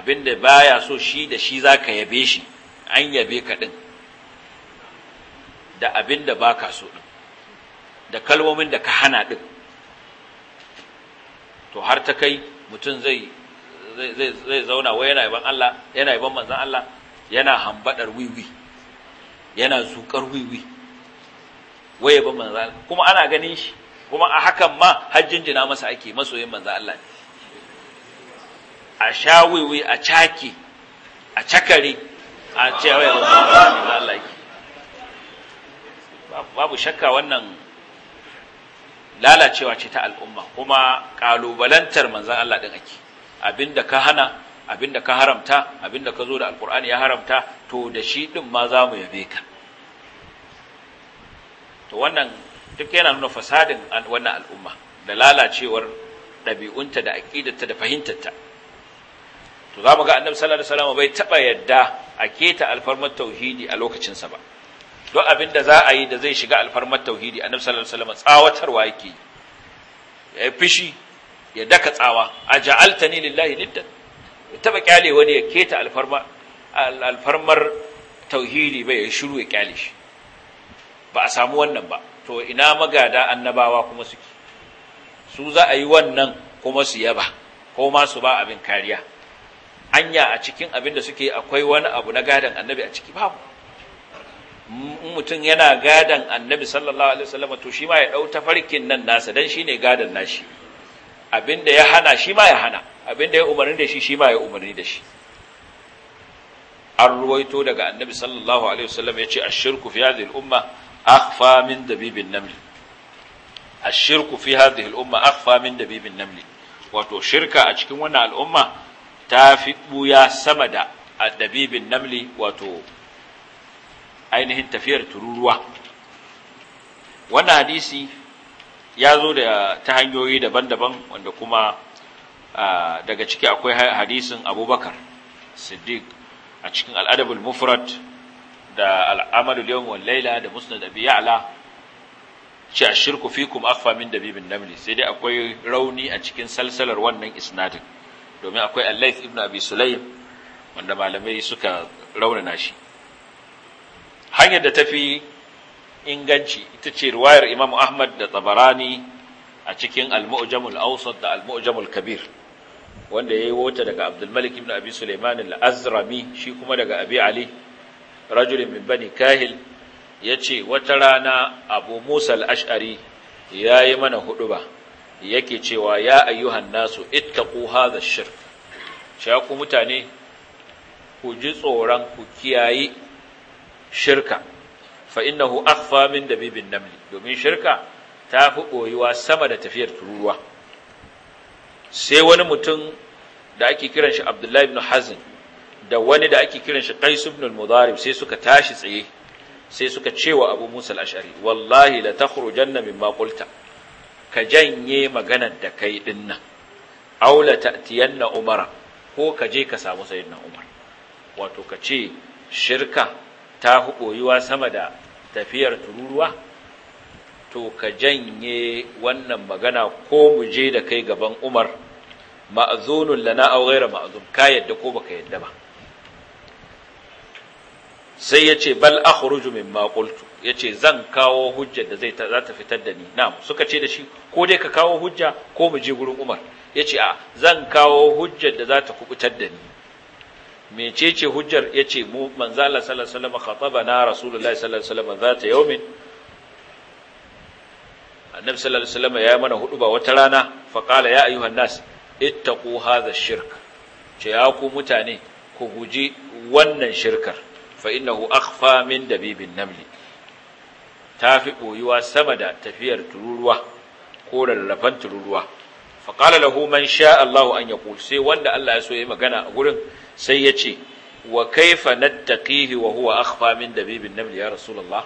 abinda baya so shi da shi zaka yabe shi an yabe ka din da abinda baka so din da kalmomin da ka hana din to har ta kai mutum zai zai zauna wai yana yaban Allah yana yaban manzon Allah yana hambadar wiwi yana zuƙar wiwi waye ba manzo Allah kuma ana ganin shi kuma a hakan ma hajjin jina masa ake masoyin manzo Allah ne a sha wiwi a caki a cakare a ce waye ba manzo Allah ke. babu shakka wannan lalacewa ce ta al'umma kuma kalubalantar manzan Allah din ake abinda ka hana abinda ka haramta abinda ka zo da alkur'ani ya haramta to da shi din ma za mu yabe ka to wannan duk yana nuna fasadin wannan al'umma da lalacewar ɗabi'unta da aƙidarta da fahimtarta to za mu ga annabi sallallahu alaihi wasallam bai taɓa yadda a keta alfarmar tauhidi a lokacinsa ba duk abin da za a yi da zai shiga alfarmar tauhidi annabi sallallahu alaihi wasallam tsawatarwa yake ya yi fishi ya daka tsawa a ja'altani lillahi niddan taba kyale wani ya keta alfarmar tauhili bai ya shiru ya kyale shi ba a samu wannan ba to ina magada annabawa kuma suke su za a yi wannan kuma su yaba ko ma su ba abin kariya anya a cikin abin da suke akwai wani abu na gadan annabi a ciki babu mutum yana gadan annabi sallallahu alaihi wasallam to shi ma ya dau farkin nan nasa dan shine gadan nashi Abin da ya hana shi ma ya hana Abin da ya umarni da shi shi ma ya umarni da shi an ruwaito daga annabi sallallahu alaihi wasallam ya ce ashirku fi hadhihi al-umma akhfa min dabibin naml ashirku fi hadhihi al-umma akhfa min dabibin naml wato shirka a cikin wannan al'umma ta fi buya sama da dabibin namli wato ainihin tafiyar tururuwa wannan hadisi ya zo da ta hanyoyi daban-daban wanda kuma Ah, daga ciki akwai hadisin abubakar siddiq a cikin al'adabul mufrad da al'amalul yawm wal laila da musnad abi ya'la ce a fikum affa min dabibin namli sai dai akwai rauni a cikin salsalar wannan isnadin domin akwai al-layth ibn abi sulaym wanda malamai suka raunana shi hanyar da tafi inganci ita ce riwayar Imam ahmad da tabarani a cikin al-mu'jamul awsat da al-mu'jamul kabir wanda yayi wata daga Abdul Malik ibn Abi Sulaiman al-Azrami shi kuma daga Abi Ali rajulin min bani Kahil yace wata rana Abu Musa al-Ash'ari yayi mana huduba yake cewa ya ayyuhan nasu ittaqu hadha ash-shirk sha ku mutane ku ji tsoron ku kiyayi shirka fa innahu akhfa min dabibin namli domin shirka ta fi ɓoyuwa sama da tafiyar tururuwa sai wani mutum da ake kiran shi abdullahi ibn hazin da wani da ake kiran shi Qaisu ibn al-mudarib sai suka tashi tsaye sai suka cewa abu musa al-ash'ari wallahi la takhrujanna mimma qulta ka janye maganar da kai dinnan aw la ta'tiyanna umara ko ka je ka samu sayyidina umar wato ka ce shirka ta huboyuwa sama da tafiyar tururuwa to ka janye wannan magana ko mu je da kai gaban Umar ma'zunun lana aw ghayra ma'azun ka yadda ko baka yadda ba sai ya ce bal akhruju mimma Ya ce zan kawo hujjar da zai za ta fitar da ni na'am suka ce da shi ko dai ka kawo hujja ko mu je gurin Umar Ya ce a zan kawo hujjar da za ta kubutar da ni mecece hujjar ya ce mu manzo Allah sallallahu alaihi wasallam khatabana rasulullahi sallallahu alaihi wasallam zata yawmin annabi sallallahu alaihi wasallam ya yi mana hudu ba wata rana fa qala ya ayyuhan nas ittaqu hadha shirk ce ya ku mutane ku guji wannan shirkar fa innahu akhfa min dabibin namli ta fi boyuwa sama da tafiyar tururuwa ko rarrafan tururuwa fa qala lahu man sha Allahu an yaqul sai wanda Allah ya so ya magana a gurin sai ya ce wa kaifa nattaqihi wa huwa akhfa min dabibin namli ya rasulullah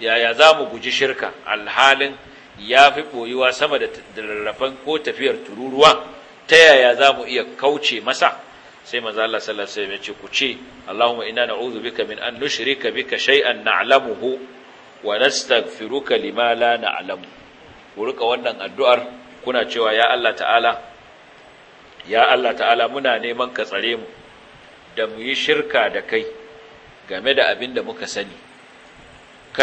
yaya za mu guji shirka alhalin ya fi ɓoyuwa sama da rarrafan ko tafiyar tururuwa ta yaya za mu iya kauce masa sai Maza Allah sallallahu alaihi wasallam ya ce ku ce Allahumma inna na'udhu bika min an nushrika bika shay'an na'lamuhu wa nastaghfiruka lima la na'lamu ku rika wannan addu'ar kuna cewa ya Allah ta'ala ya Allah ta'ala muna neman ka tsare mu da mu yi shirka da kai game da abin da muka sani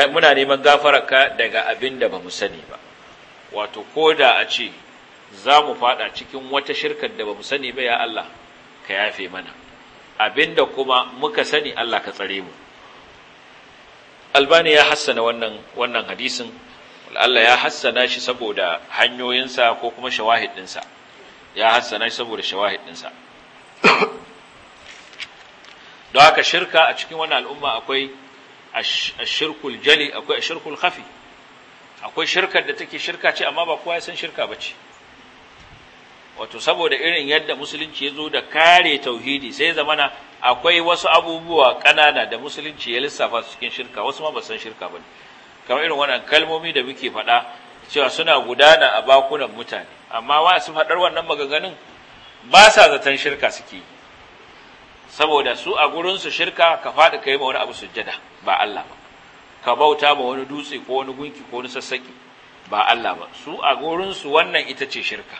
muna neman gafararka daga abin da ba mu sani ba wato ko da a ce za mu fada cikin wata shirkar da ba mu sani ba ya Allah ka yafe mana abinda kuma muka sani Allah ka tsare mu albani ya hassana wannan wannan hadisin Allah ya hassana shi saboda hanyoyinsa ko kuma shawahid ya hassana shi saboda shawahid Da *coughs* don haka shirka a cikin wannan al'umma akwai ashirkul jali akwai ashirkul khafi akwai shirkar da take shirka ce amma ba kowa ya san shirka ba ce wato saboda irin yadda musulunci ya zo da kare tauhidi sai zamana akwai wasu abubuwa ƙanana da musulunci ya lissafa cikin shirka wasu ma ba san shirka ba kamar irin wannan kalmomi da muke faɗa cewa suna gudana a bakunan mutane amma wa su faɗar wannan maganganun ba sa zaton shirka suke yi saboda su a gurinsu shirka ka faɗi kai ma wani abu sujjada ba Allah ba ka bauta ma wani dutse ko wani gunki ko wani sassaki ba Allah ba su a gurinsu wannan ita ce shirka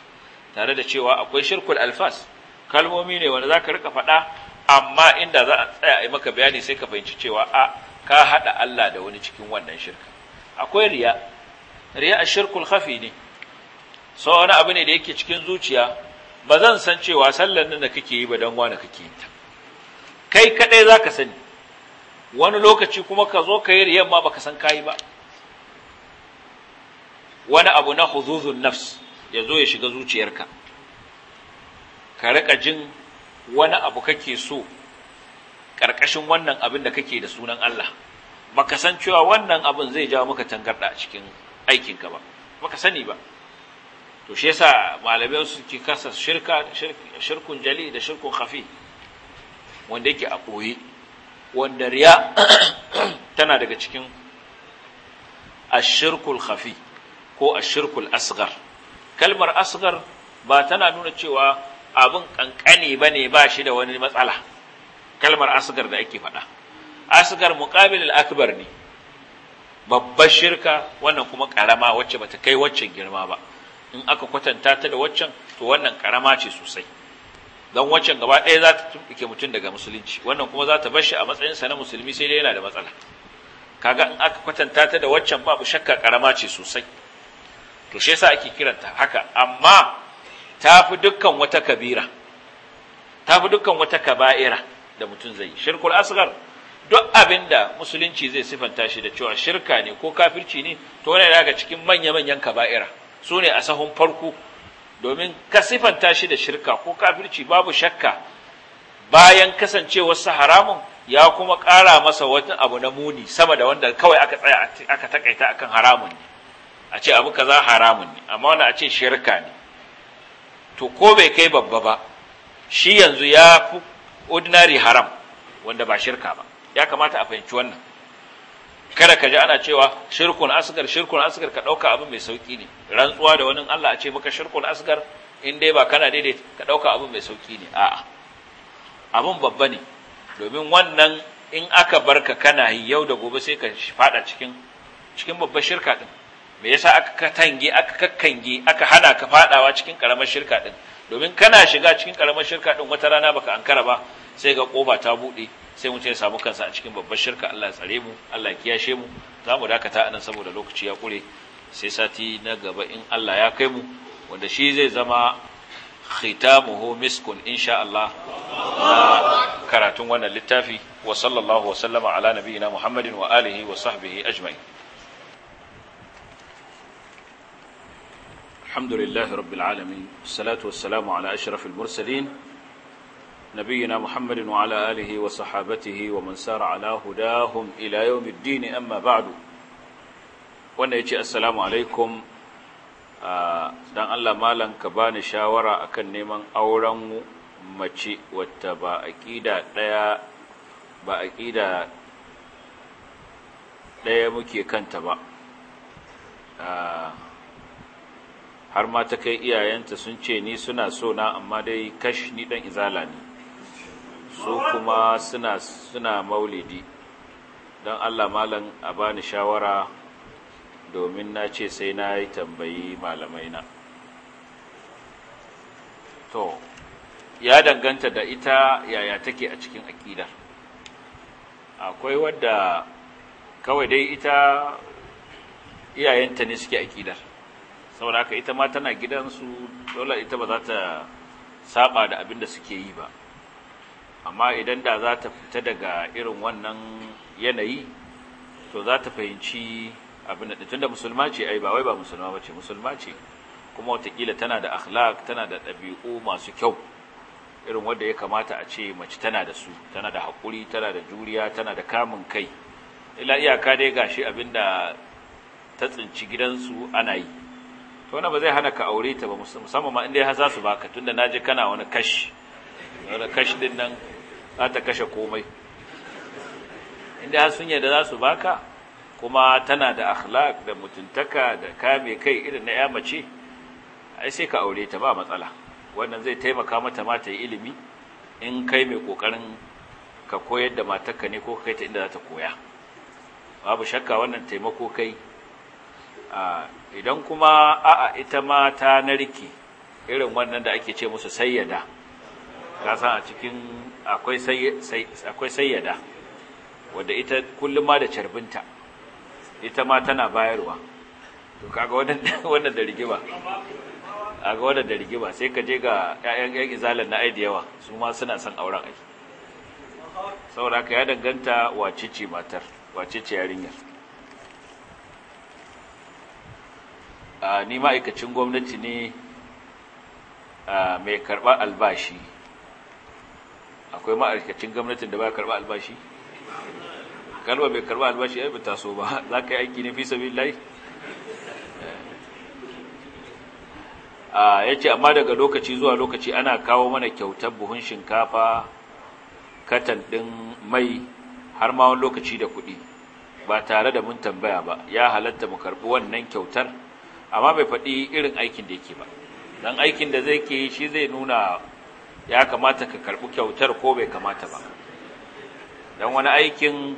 tare da cewa akwai shirkul alfas kalmomi ne wanda zaka rika faɗa amma inda za a tsaya a maka bayani sai ka fahimci cewa a ka haɗa Allah da wani cikin wannan shirka akwai riya riya a shirkul hafi ne so wani abu ne da yake cikin zuciya ba zan san cewa sallar nan da kake yi ba dan wani kake yi ta kai kadai zaka sani wani lokaci kuma ka zo ka yi riyan ma baka san kayi ba wani abu na huzuzun nafs ya zo ya shiga zuciyarka ka rika jin wani abu kake so ƙarƙashin wannan abin da kake da sunan Allah baka san cewa wannan abin zai jawo maka tangarda a cikin aikinka ba baka sani ba to shi yasa malamai suke kasa shirka shirkun jali da shirkun khafi wanda yake a ɓoye wanda riya *clears throat* tana daga cikin ashirkul khafi ko ashirkul asgar kalmar asgar ba tana nuna cewa abin ƙanƙani ba ne ba shi da wani matsala kalmar asgar da ake faɗa asgar muƙabil akbar ne babbar shirka wannan kuma ƙarama wacce bata kai waccan girma ba in aka kwatanta ta da waccan to wannan ƙarama ce sosai don wancan gaba ɗaya za ta tumɓuke mutum daga musulunci wannan kuma za ta bar shi a matsayinsa na musulmi sai dai yana da matsala kaga in aka kwatanta ta da waccan babu shakka karama ce sosai to shi yasa ake kiranta haka amma ta fi dukkan wata kabira ta fi dukkan wata kaba'ira da mutum zai shirkul asgar duk abinda musulunci zai sifanta shi da cewa shirka ne ko kafirci ne to wannan daga cikin manya-manyan kaba'ira su ne a sahun farko domin ka tashi shi da shirka ko kafirci babu shakka bayan kasancewarsa haramun ya kuma ƙara masa wata abu na muni sama da wanda kawai aka tsaya aka takaita akan haramun ne a ce abu kaza haramun ne amma wani a ce shirka ne to ko bai kai babba ba shi yanzu ya fi ordinary haram wanda ba shirka ba ya kamata a fahimci wannan kada ka ji ana cewa shirkun asgar shirkun asgar ka ɗauka abin mai sauki ne rantsuwa da wani Allah a ce maka shirkun asgar in dai ba kana daidai ka dauka abin mai sauki ne a'a abin babba ne domin wannan in aka barka kana yi yau da gobe sai ka fada cikin cikin shirka din me yasa aka katange aka kakkange aka hana ka fadawa cikin karamar shirka ɗin? domin kana shiga cikin karamar shirka ɗin, wata rana baka ankara ba sai ga ƙofa ta buɗe? sai mu ce samu kansa a cikin babbar shirka Allah ya tsare mu Allah ya kiyashe mu za mu dakata anan saboda lokaci ya kure sai sati na gaba in Allah ya kai mu wanda shi zai zama khitamuhu miskun insha Allah na karatun wannan littafi wa sallallahu wa sallama ala nabiyyina Muhammadin wa alihi wa sahbihi ajma'i. alhamdulillahi rabbil alamin salatu wassalamu ala ashrafil mursalin نبينا محمد wa آله wa ومن سار على هداهم إلى يوم الدين أما بعد wanda ya ce assalamu alaikum don Allah malam ka bani shawara akan neman auren mace wata ba aƙida ɗaya ba aƙida ɗaya muke kanta ba har ma ta kai iyayenta sun ce ni suna sona, amma dai kash ni ɗan izala ne su kuma suna suna maulidi don Allah malam a bani shawara domin na ce sai na yi tambayi malamai na to ya danganta da ita yaya take a cikin aƙidar akwai wadda kawai dai ita iyayenta ne suke akidar saboda haka ita ma tana gidansu dole ita ba za ta saba da abin da suke yi ba amma idan da za ta fita daga irin wannan yanayi to za ta fahimci abin da tunda musulma ce ai ba wai ba musulma ce musulma ce kuma watakila tana da akhlaq tana da ɗabi'u masu kyau irin wanda ya kamata a ce mace tana da su tana da haƙuri tana da juriya tana da kamun kai ila iyaka dai gashi abin da ta tsinci gidansu ana yi to wannan ba zai hana ka aure ta ba musamman ma inda ya za su baka tunda naji kana wani kashi wani kashi din nan za ta kashe komai inda har sun yadda za su baka kuma tana da akhlaq da mutuntaka da kame kai irin na yamace ai sai ka aure ta ba matsala wannan zai taimaka mata mata yi ilimi in kai mai kokarin ka koyar da matarka ne ko kai ta inda za ta koya babu shakka wannan taimako kai idan kuma a'a ita ma ta narki irin wannan da ake ce musu sayyada Ka kasa a cikin akwai sayyada wadda ita kullum ma da carbinta ita ma tana bayarwa to kaga *laughs* da rigima a ga wadda da rigima sai ka je ga 'ya'yan yan izalar na aidi yawa su ma suna son auren aiki saboda ka ya danganta wacece matar wacece yarinyar ni ma'aikacin gwamnati ne mai karɓar albashi akwai ma'aikacin gwamnatin da ba ya karba albashi kalwa bai karba albashi ai ba taso ba *laughs* za ka yi aiki ne fi sabilillahi eh. ah, ya ce amma daga lokaci zuwa lokaci ana kawo mana kyautar buhun shinkafa katan ɗin mai har ma wani lokaci da kuɗi ba tare da mun tambaya ba ya halatta mu karɓi wannan kyautar amma bai faɗi irin aikin da yake ba don aikin da zai ke shi zai nuna ya kamata ka karɓi kyautar ko bai kamata ba don wani aikin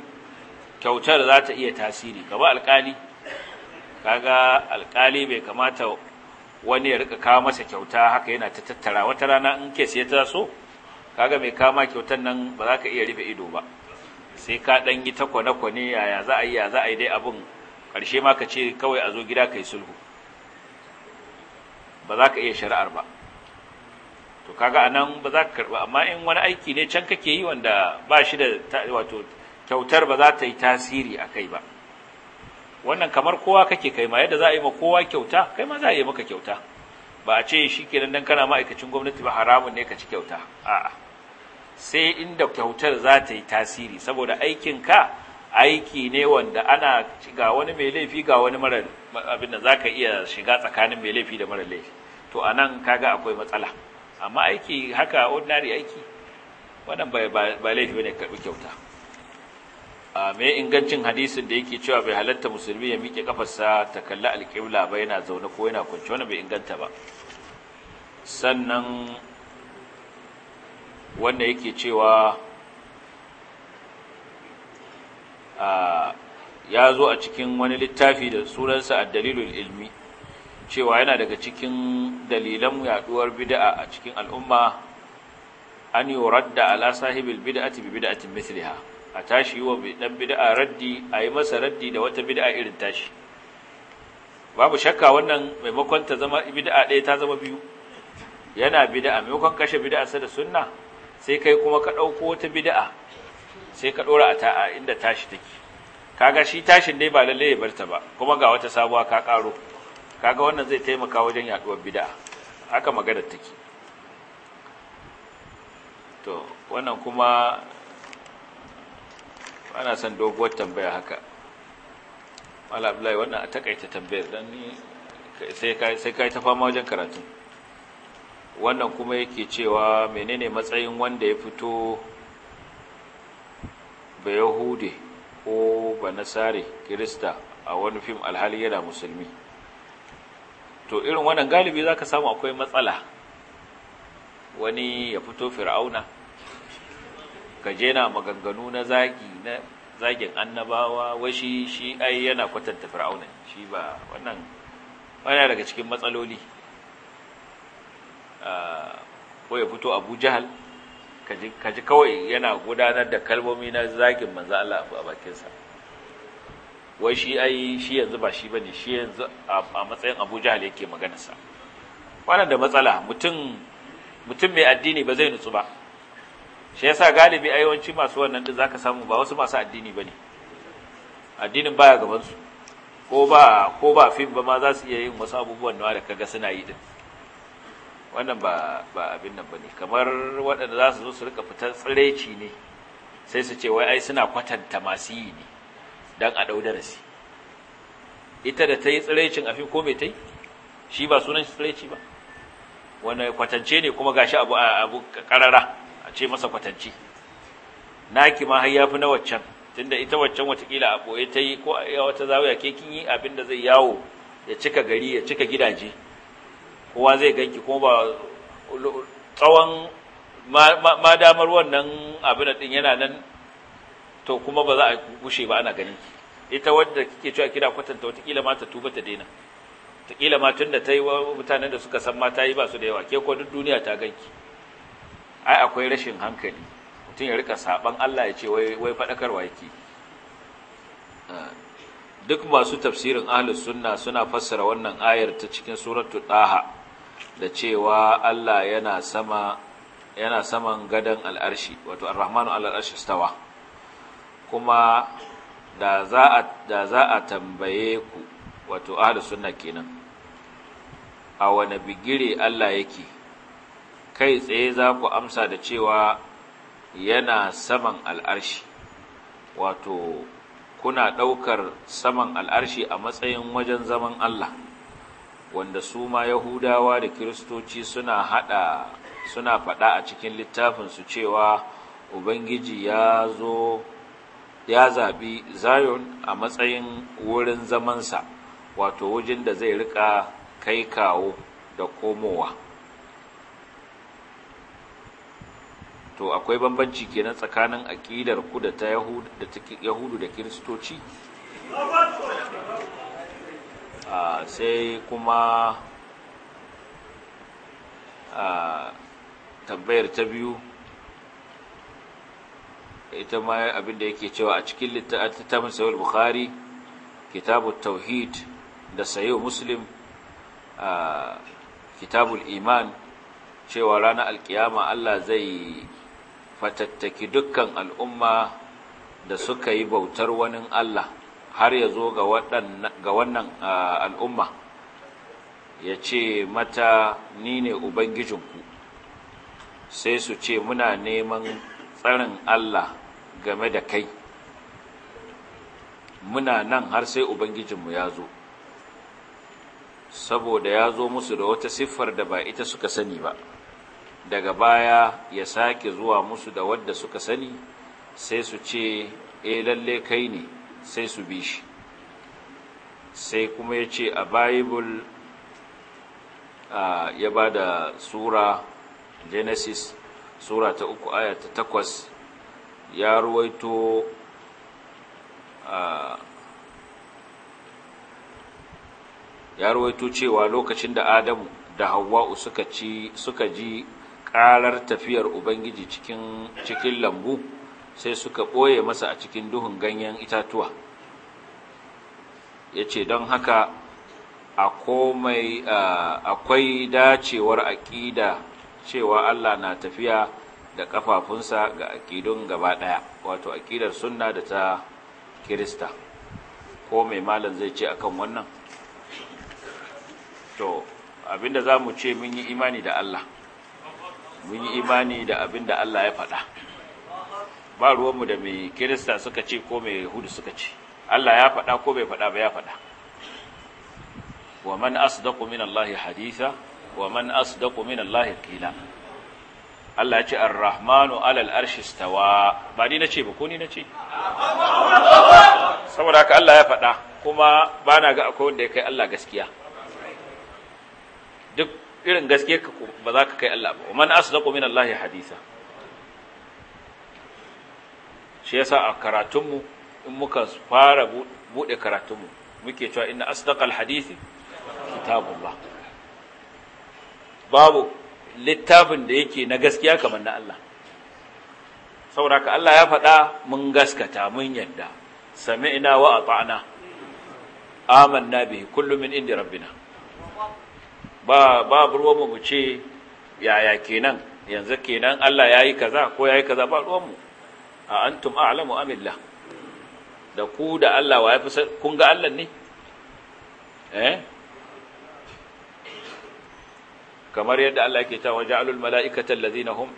kyautar za ta iya tasiri gaba alkali kaga alkali bai kamata wani ya rika kawo masa kyauta haka yana ta tattara wata rana in ke sai ta so kaga mai kama kyautar nan ba za ka iya rufe ido ba sai ka dan yi ta kwane-kwane yaya za a yi za a yi dai abin ƙarshe ma ka ce kawai a zo gida ka yi sulhu ba za ka iya shari'ar ba to kaga anan ba za ka karba amma in wani aiki ne can kake yi wanda ba shi da wato kyautar ba za ta yi tasiri a kai ba wannan kamar kowa kake kai ma yadda za a yi ma kowa kyauta kai ma za a yi maka kyauta ba a ce shi kenan dan kana ma'aikacin gwamnati ba haramun ne ka ci kyauta a'a sai inda kyautar za ta yi tasiri saboda aikin ka aiki ne wanda ana ga wani mai laifi ga wani mara abin da zaka iya shiga tsakanin mai laifi da mara laifi to anan kaga akwai matsala amma aiki haka ordinary aiki wannan ba laifi ne karɓi kyauta Me ingancin hadisin da yake cewa bai halatta musulmi ya miƙe kafarsa ta kalli alƙibla ba yana zaune ko yana kwance wani bai inganta ba sannan wanda yake cewa ya zo a cikin wani littafi da sunansa a dalilul ilmi cewa yana daga cikin dalilan yaduwar bid'a a cikin al'umma an radda ala sahibil bid'ati bi bid'atin mithliha a tashi wa dan bid'a raddi ayi masa raddi da wata bid'a irin tashi babu shakka wannan maimakon ta zama bid'a ɗaya ta zama biyu yana bid'a maimakon kashe bid'a sa da sunna sai kai kuma ka ɗauko wata bid'a sai ka ɗora a inda tashi take kaga shi tashin dai ba lalle ya barta ba kuma ga wata sabuwa ka ƙaro kaga wannan zai taimaka wajen yaduwar bid'a haka magana take to wannan kuma ana son doguwar tambaya haka mala abdullahi wannan a takaita tambayar dan ni sai kai sai kai ta fama wajen karatu wannan kuma yake cewa menene matsayin wanda ya fito ba yahude ko ba nasare kirista a wani fim alhali yana musulmi to irin wannan galibi za ka samu akwai matsala wani ya fito fir'auna gaje na maganganu na zagi na zagin annabawa washi shi ai yana kwatanta fir'auna shi ba wannan wannan daga cikin matsaloli ah, ko ya fito abu jahal kaji kawai yana gudanar da kalmomi na zagin manzo Allah a bakinsa wai shi ai shi yanzu ba shi bane shi yanzu a matsayin Abu Jahl yake magana sa wannan da matsala mutum mutum mai addini ba zai nutsu ba shi yasa galibi ai yawanci masu wannan din zaka samu ba wasu masu addini bane addinin baya gaban su ko ba ko ba fim ba ma za su iya yin wasu abubuwan nawa da kaga suna yi din wannan ba ba abin nan bane kamar waɗanda za su zo su rika fitar tsireci ne sai su ce wai ai suna kwatanta masu yi ne dan a dau darasi ita da ta yi tsiraicin afi ko mai ta yi shi ba sunan tsiraici ba wanda kwatance ne kuma gashi abu abu karara a ce masa kwatance naki ma har yafi na waccan tunda ita waccan watakila a boye ta yi ko a wata zawiya ke kin yi abin da zai yawo ya cika gari ya cika gidaje kowa zai ganki kuma ba tsawon ma damar wannan abin da ɗin yana nan to kuma ba za a gushe ba ana gani ita wadda kike cewa kina kwatanta watakila ma ta tuba ta daina watakila ma tun da ta yi mutanen da suka san mata ta yi ba su da yawa ke ko duk duniya ta ganki ai akwai rashin hankali mutum ya rika saban Allah ya ce wai wai fadakarwa yake ah, duk masu tafsirin ahlus sunna suna fassara wannan ayar ta cikin suratul daha da cewa Allah yana sama yana saman gadan al'arshi wato ar-rahmanu al arshi stawa kuma da za a da tambaye ku wato ahli sunna kenan a wani bigire Allah yake kai tsaye za ku amsa da cewa yana saman al'arshi wato kuna ɗaukar saman al'arshi a matsayin wajen zaman Allah wanda su ma Yahudawa da Kiristoci suna haɗa suna faɗa a cikin littafinsu cewa Ubangiji ya zo ya zaɓi zion a matsayin wurin zamansa wato wajen da zai rika kai kawo da komowa to akwai bambanci kenan tsakanin aƙidar ku da ta yahudu da kiristoci ah, sai kuma ah, tambayar ta biyu ita ma abin da yake cewa a cikin littafin sahih bukhari kitabut tauhid da sahih muslim a kitabul iman cewa ranar alkiyama Allah zai fatattaki dukkan al'umma da suka yi bautar wani Allah har ya zo ga wannan al'umma ya ce mata ni ne Ubangijinku sai su ce muna neman tsarin Allah game da kai muna nan har sai ubangijinmu ya zo saboda ya zo musu da wata siffar da ba ita suka sani ba daga baya ya sake zuwa musu da wadda suka sani sai su ce e lalle kai ne sai su bi shi sai kuma ya ce a bible ya ba da sura genesis sura ta uku aya takwas ya ruwaito ya ruwaito cewa lokacin da adamu da hawa'u suka ci suka ji ƙarar tafiyar ubangiji cikin cikin lambu sai suka ɓoye masa a cikin duhun ganyen itatuwa ya ce don haka akwai dacewar aƙida cewa allah na tafiya da kafafunsa ga akidun gaba ɗaya wato akidar sunna da ta kirista ko mai malam zai ce akan wannan to abinda za mu ce mun yi imani da Allah mun yi imani da abinda Allah ya faɗa ba ruwanmu da mai kirista suka ce ko mai hudu suka ce Allah ya faɗa ko bai faɗa ba ya faɗa wa man asdaqu min Allah haditha wa man asdaqu min Allah qila Allah ya ce ar-rahmanu alal arshi stawa ba ni nace ba ko ni nace saboda haka Allah ya faɗa kuma ba na ga akwai wanda ya kai Allah gaskiya duk irin gaskiya ka ba za ka kai Allah ba man asdaqu min Allah hadisa shi yasa a karatunmu in muka fara bude karatunmu muke cewa inna asdaqal hadisi kitabullah babu littafin da yake na gaskiya kamar na Allah saboda Allah ya faɗa mun gaskata mun yadda sami'na wa ata'na amanna bihi kullu min indi rabbina ba ba ruwan mu ce yaya kenan yanzu kenan Allah yayi kaza ko yayi kaza ba ruwan mu a antum a'lamu amillah da ku da Allah wa yafi kun ga Allah ne eh kamar yadda Allah yake cewa ja'alul mala'ikata allazina hum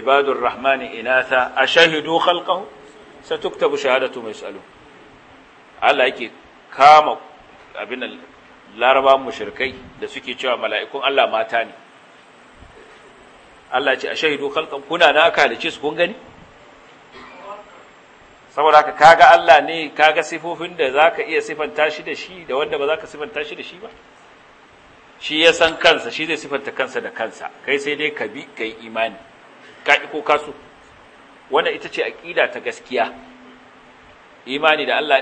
ibadur rahmani inatha ashahidu khalqahu satuktabu shahadatu mai yas'alun Allah yake kama abin laraba mushrikai da suke cewa mala'ikun Allah mata ne Allah ce ashahidu khalqan kuna na aka halice su kun gani saboda haka kaga Allah ne kaga sifofin da zaka iya sifanta shi da shi da wanda ba zaka sifanta shi da shi ba shi ya san kansa shi zai sifanta kansa da kansa kai sai dai ka bi ka yi imani ka ko ka so wannan ita ce aƙida ta gaskiya imani da Allah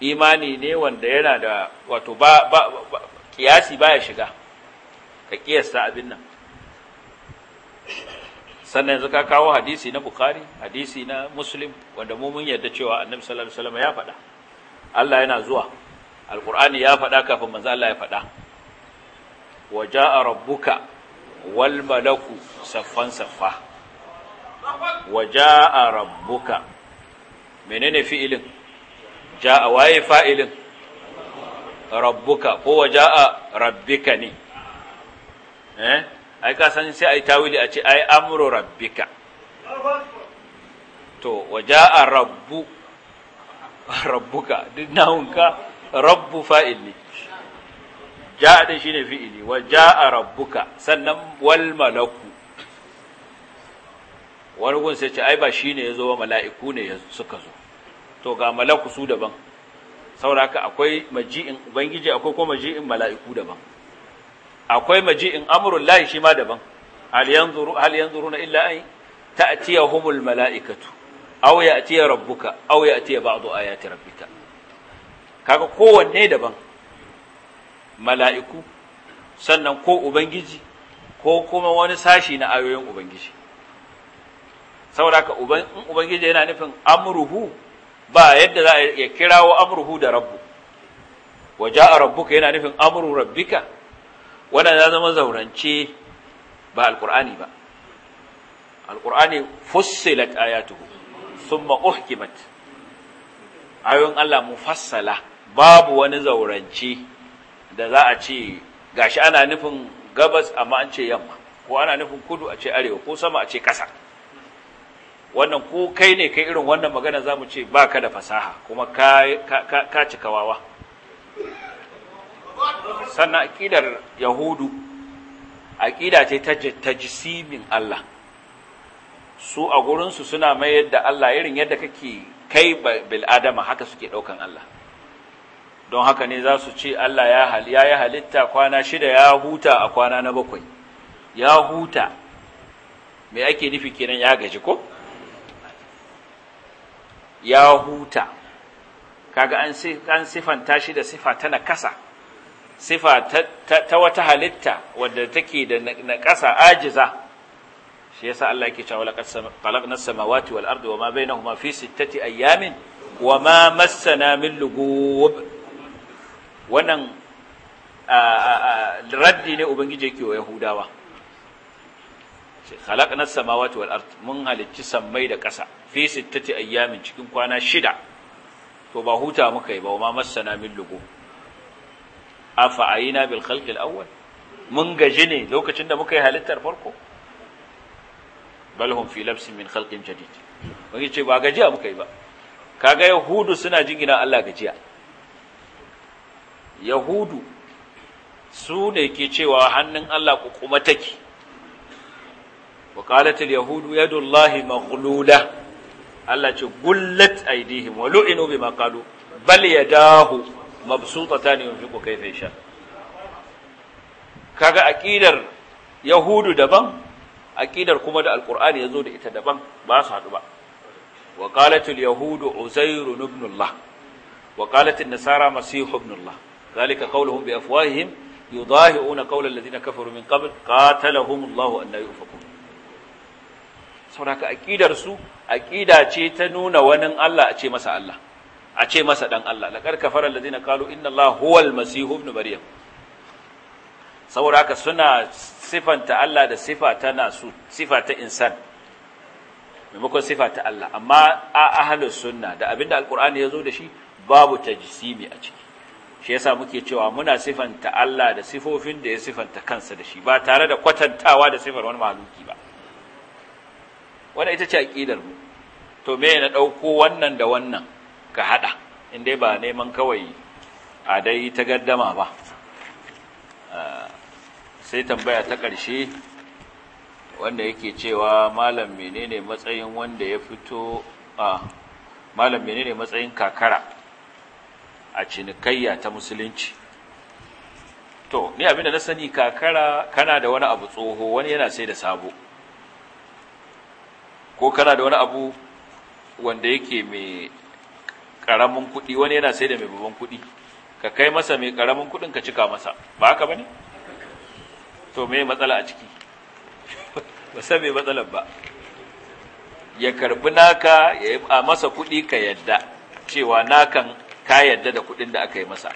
imani ne wanda yana da wato ba ba kiyasi baya shiga ka kiyasta abin nan sannan yanzu ka kawo hadisi na bukhari hadisi na muslim wanda mu mun yarda cewa annabi sallallahu alaihi wasallam ya faɗa Allah yana zuwa Alƙur'ani ya faɗa kafin manzo Allah ya faɗa wa jaa rabbuka wal malaku saffan saffa wa jaa rabbuka menene fi'ilin jaa waye fa'ilin rabbuka ko wa jaa rabbika ne eh ai ka san sai ai tawili a ce ai amru rabbika to wa jaa rabbu *laughs* rabbuka duk ka. rabbu fa'il ne ja'a din shine fi'ili wa a rabbuka sannan wal malaku wani gun sai ce ai ba ya zo wa mala'iku ne suka zo to ga malaku su daban sauraka akwai maji'in ubangiji akwai kuma maji'in mala'iku daban akwai maji'in amurin layi shi ma daban hal illa hal Ta illa ciyar humul mala'ikatu a ya'tiya rabbuka aw ya'tiya ba'du ayati rabbika kaga kowanne daban mala'iku sannan ko ubangiji ko kuma wani sashi na ayoyin ubangiji saboda ka in ubangiji yana nufin amruhu ba yadda za a kirawo amruhu da rabbu waje a rabbuka yana nufin amru rabbika wannan ya zama zaurance ba alkur'ani ba alkur'ani fussilat ayatuhu summa uhkimat ayoyin Allah mufassala babu wani zaurance da za a ce gashi ana nufin gabas amma an ce yamma ko ana nufin kudu a ce arewa ko sama a ce ƙasa wannan ko kai ne kai irin wannan magana za mu ce ba ka da fasaha kuma ka cika wawa sannan aƙidar yahudu aƙida ce ta jisimin Allah su a gurinsu suna mayar da Allah irin yadda kake kai bil'adama haka suke ɗaukan Allah don haka ne za su ce Allah ya yi halitta kwana shida ya huta a kwana na bakwai ya huta me ake nufi kenan ya gaji ko ya huta kaga an an sifanta shi da sifa ta nakasa sifa ta, wata halitta wadda take da nakasa ajiza shi yasa Allah yake cewa na samawati wal'ardu samawati ma bai na bainahuma fi sittati wa ma massana min lughub wannan raddi ne ubangiji yake wa yahudawa khalaqna samawati wal ard mun halicci sammai da ƙasa fi sittati ayyamin cikin kwana shida to ba huta muka yi ba ma min lugu afa ayina bil khalqi al-awwal mun gaji ne lokacin da muka yi halittar farko fi labsin min khalqin jadid wani ce ba gajiya muka yi ba kaga yahudu suna jingina Allah gajiya yahudu su ne ke cewa hannun Allah ku kuma take wa qalat yahudu yadullahi maghlula Allah ce gullat aydihim wa lu'inu bima qalu bal yadahu mabsutatan yunfiqu kayfa yasha kaga aqidar yahudu daban aqidar kuma da alqur'ani yazo da ita daban ba su hadu ba wa yahudu uzair ibn Allah wa nasara masih ibn Allah zalika qawluhum bi afwahihim yudahi'una qawla alladhina kafaru min su aqida ce ta nuna wani Allah a ce masa Allah a ce masa dan Allah laqad kafara alladhina qalu inna Allaha huwal masih ibn maryam saboda haka suna sifanta Allah da sifa ta maimakon sifa ta Allah amma a ahlus sunna da abinda ya zo da shi babu tajsimi a ciki shi yasa muke cewa muna sifanta Allah da sifofin da ya sifanta kansa da shi ba tare da kwatantawa da sifar wani mahaluki ba wannan ita ce aqidar mu to me na dauko wannan da wannan ka hada in dai ba neman kawai a dai ta gaddama ba ah, sai tambaya ta ƙarshe wanda yake cewa malam menene matsayin wanda ya fito a ah, malam menene matsayin kakara a cinikayya ta musulunci to ni abinda na sani kakara kana da wani abu tsoho wani yana sai da sabo ko kana da wani abu wanda yake mai karamin kuɗi wani yana sai da mai babban kuɗi ka kai masa mai karamin kuɗin ka cika masa ba haka ba ne to me matsala a ciki *laughs* ba sa me matsalar ba ya karbi naka ya yi masa kuɗi ka yadda cewa nakan ka yadda da kuɗin da aka yi masa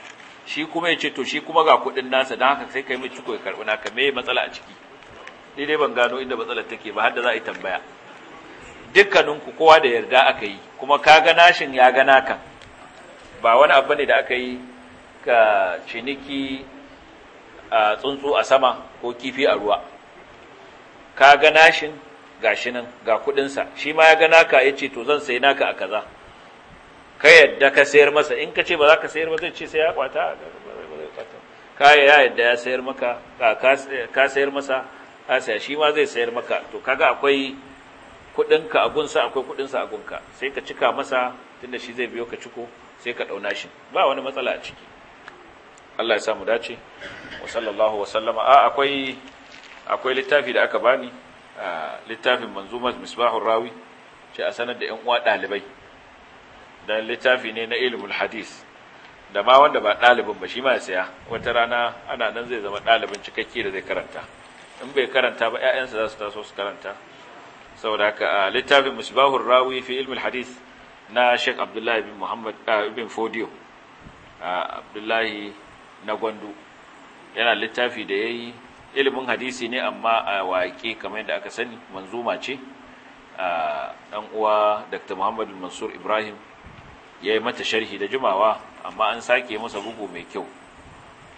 shi kuma ya ce to shi kuma ga kuɗin nasa don haka sai ka yi mai ciko ya karɓi naka me matsala a ciki ni dai ban gano inda matsalar take ba har da za a yi tambaya dukkaninku kowa da yarda aka yi kuma ka ga nashin ya ga naka ba wani abu ne da aka yi ka ciniki a tsuntsu a sama ko kifi a ruwa ka ga nashin shi nan ga kuɗinsa. shi ma ya ga naka ya ce to zan sai naka a kaza ka yadda ka sayar masa in ka ce ba za ka sayar ba zai ce sai ya kwata ka ya yadda ya sayar maka ka sayar masa a saya shi ma zai sayar maka to kaga akwai kudinka a gunsa akwai kudinsa a gunka sai ka cika masa tunda shi zai biyo ka ciko sai ka dauna shi ba wani matsala a ciki Allah ya samu dace wa sallallahu wa sallama a akwai akwai littafi da aka bani littafin manzumar misbahur rawi ce a sanar da yan uwa dalibai dan littafi ne na ilmul hadis da ma wanda ba ɗalibin ba shi ma ya saya wata rana ana nan zai zama ɗalibin cikakke da zai karanta in bai karanta ba ƴaƴansa za su taso su karanta saboda haka littafin musbahur rawi fi ilmul hadis na Sheikh abdullahi bin Muhammad ibn Fodio Abdullahi na Gwandu yana littafi da yayi ilimin hadisi ne amma a waƙe kamar yadda aka sani manzuma ce dan uwa Dr. Muhammad Mansur Ibrahim ya yi mata sharhi da jimawa amma an sake masa bugu mai kyau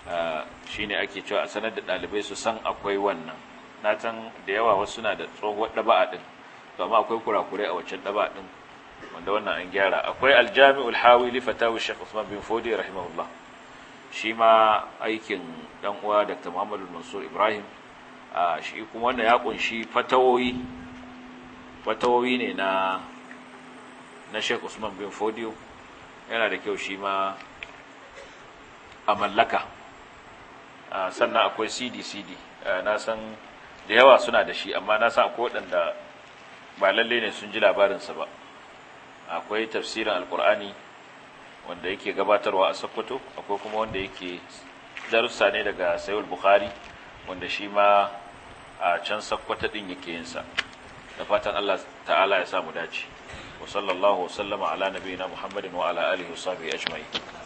ah, shi ne ake cewa a sanar da ɗalibai su san akwai wannan na da yawa wasu suna da tsohuwar ɗaba'a ɗin to amma akwai kurakurai a waccan ɗaba'a ɗin wanda wannan an gyara akwai aljami'ul hawi li fatawi shekh usman bin fodi rahimahullah shi ma aikin dan uwa dr muhammadu mansur ibrahim ah, shi kuma wanda ya kunshi fatawoyi fatawoyi ne na na Usman bin Fodio yana da kyau shi ma a mallaka sannan akwai cd cd na san da yawa suna da shi amma na san akwai waɗanda ba lalle ne sun ji labarinsa ba akwai tafsirin alkur'ani wanda yake gabatarwa a sokoto akwai kuma wanda yake darussa ne daga sayul bukhari wanda shi ma a can sokoto ɗin yake yinsa da fatan allah ta'ala ya samu dace wa sallama ala nabiyina Muhammadin wa ala alihi wa sahbihi ajma'in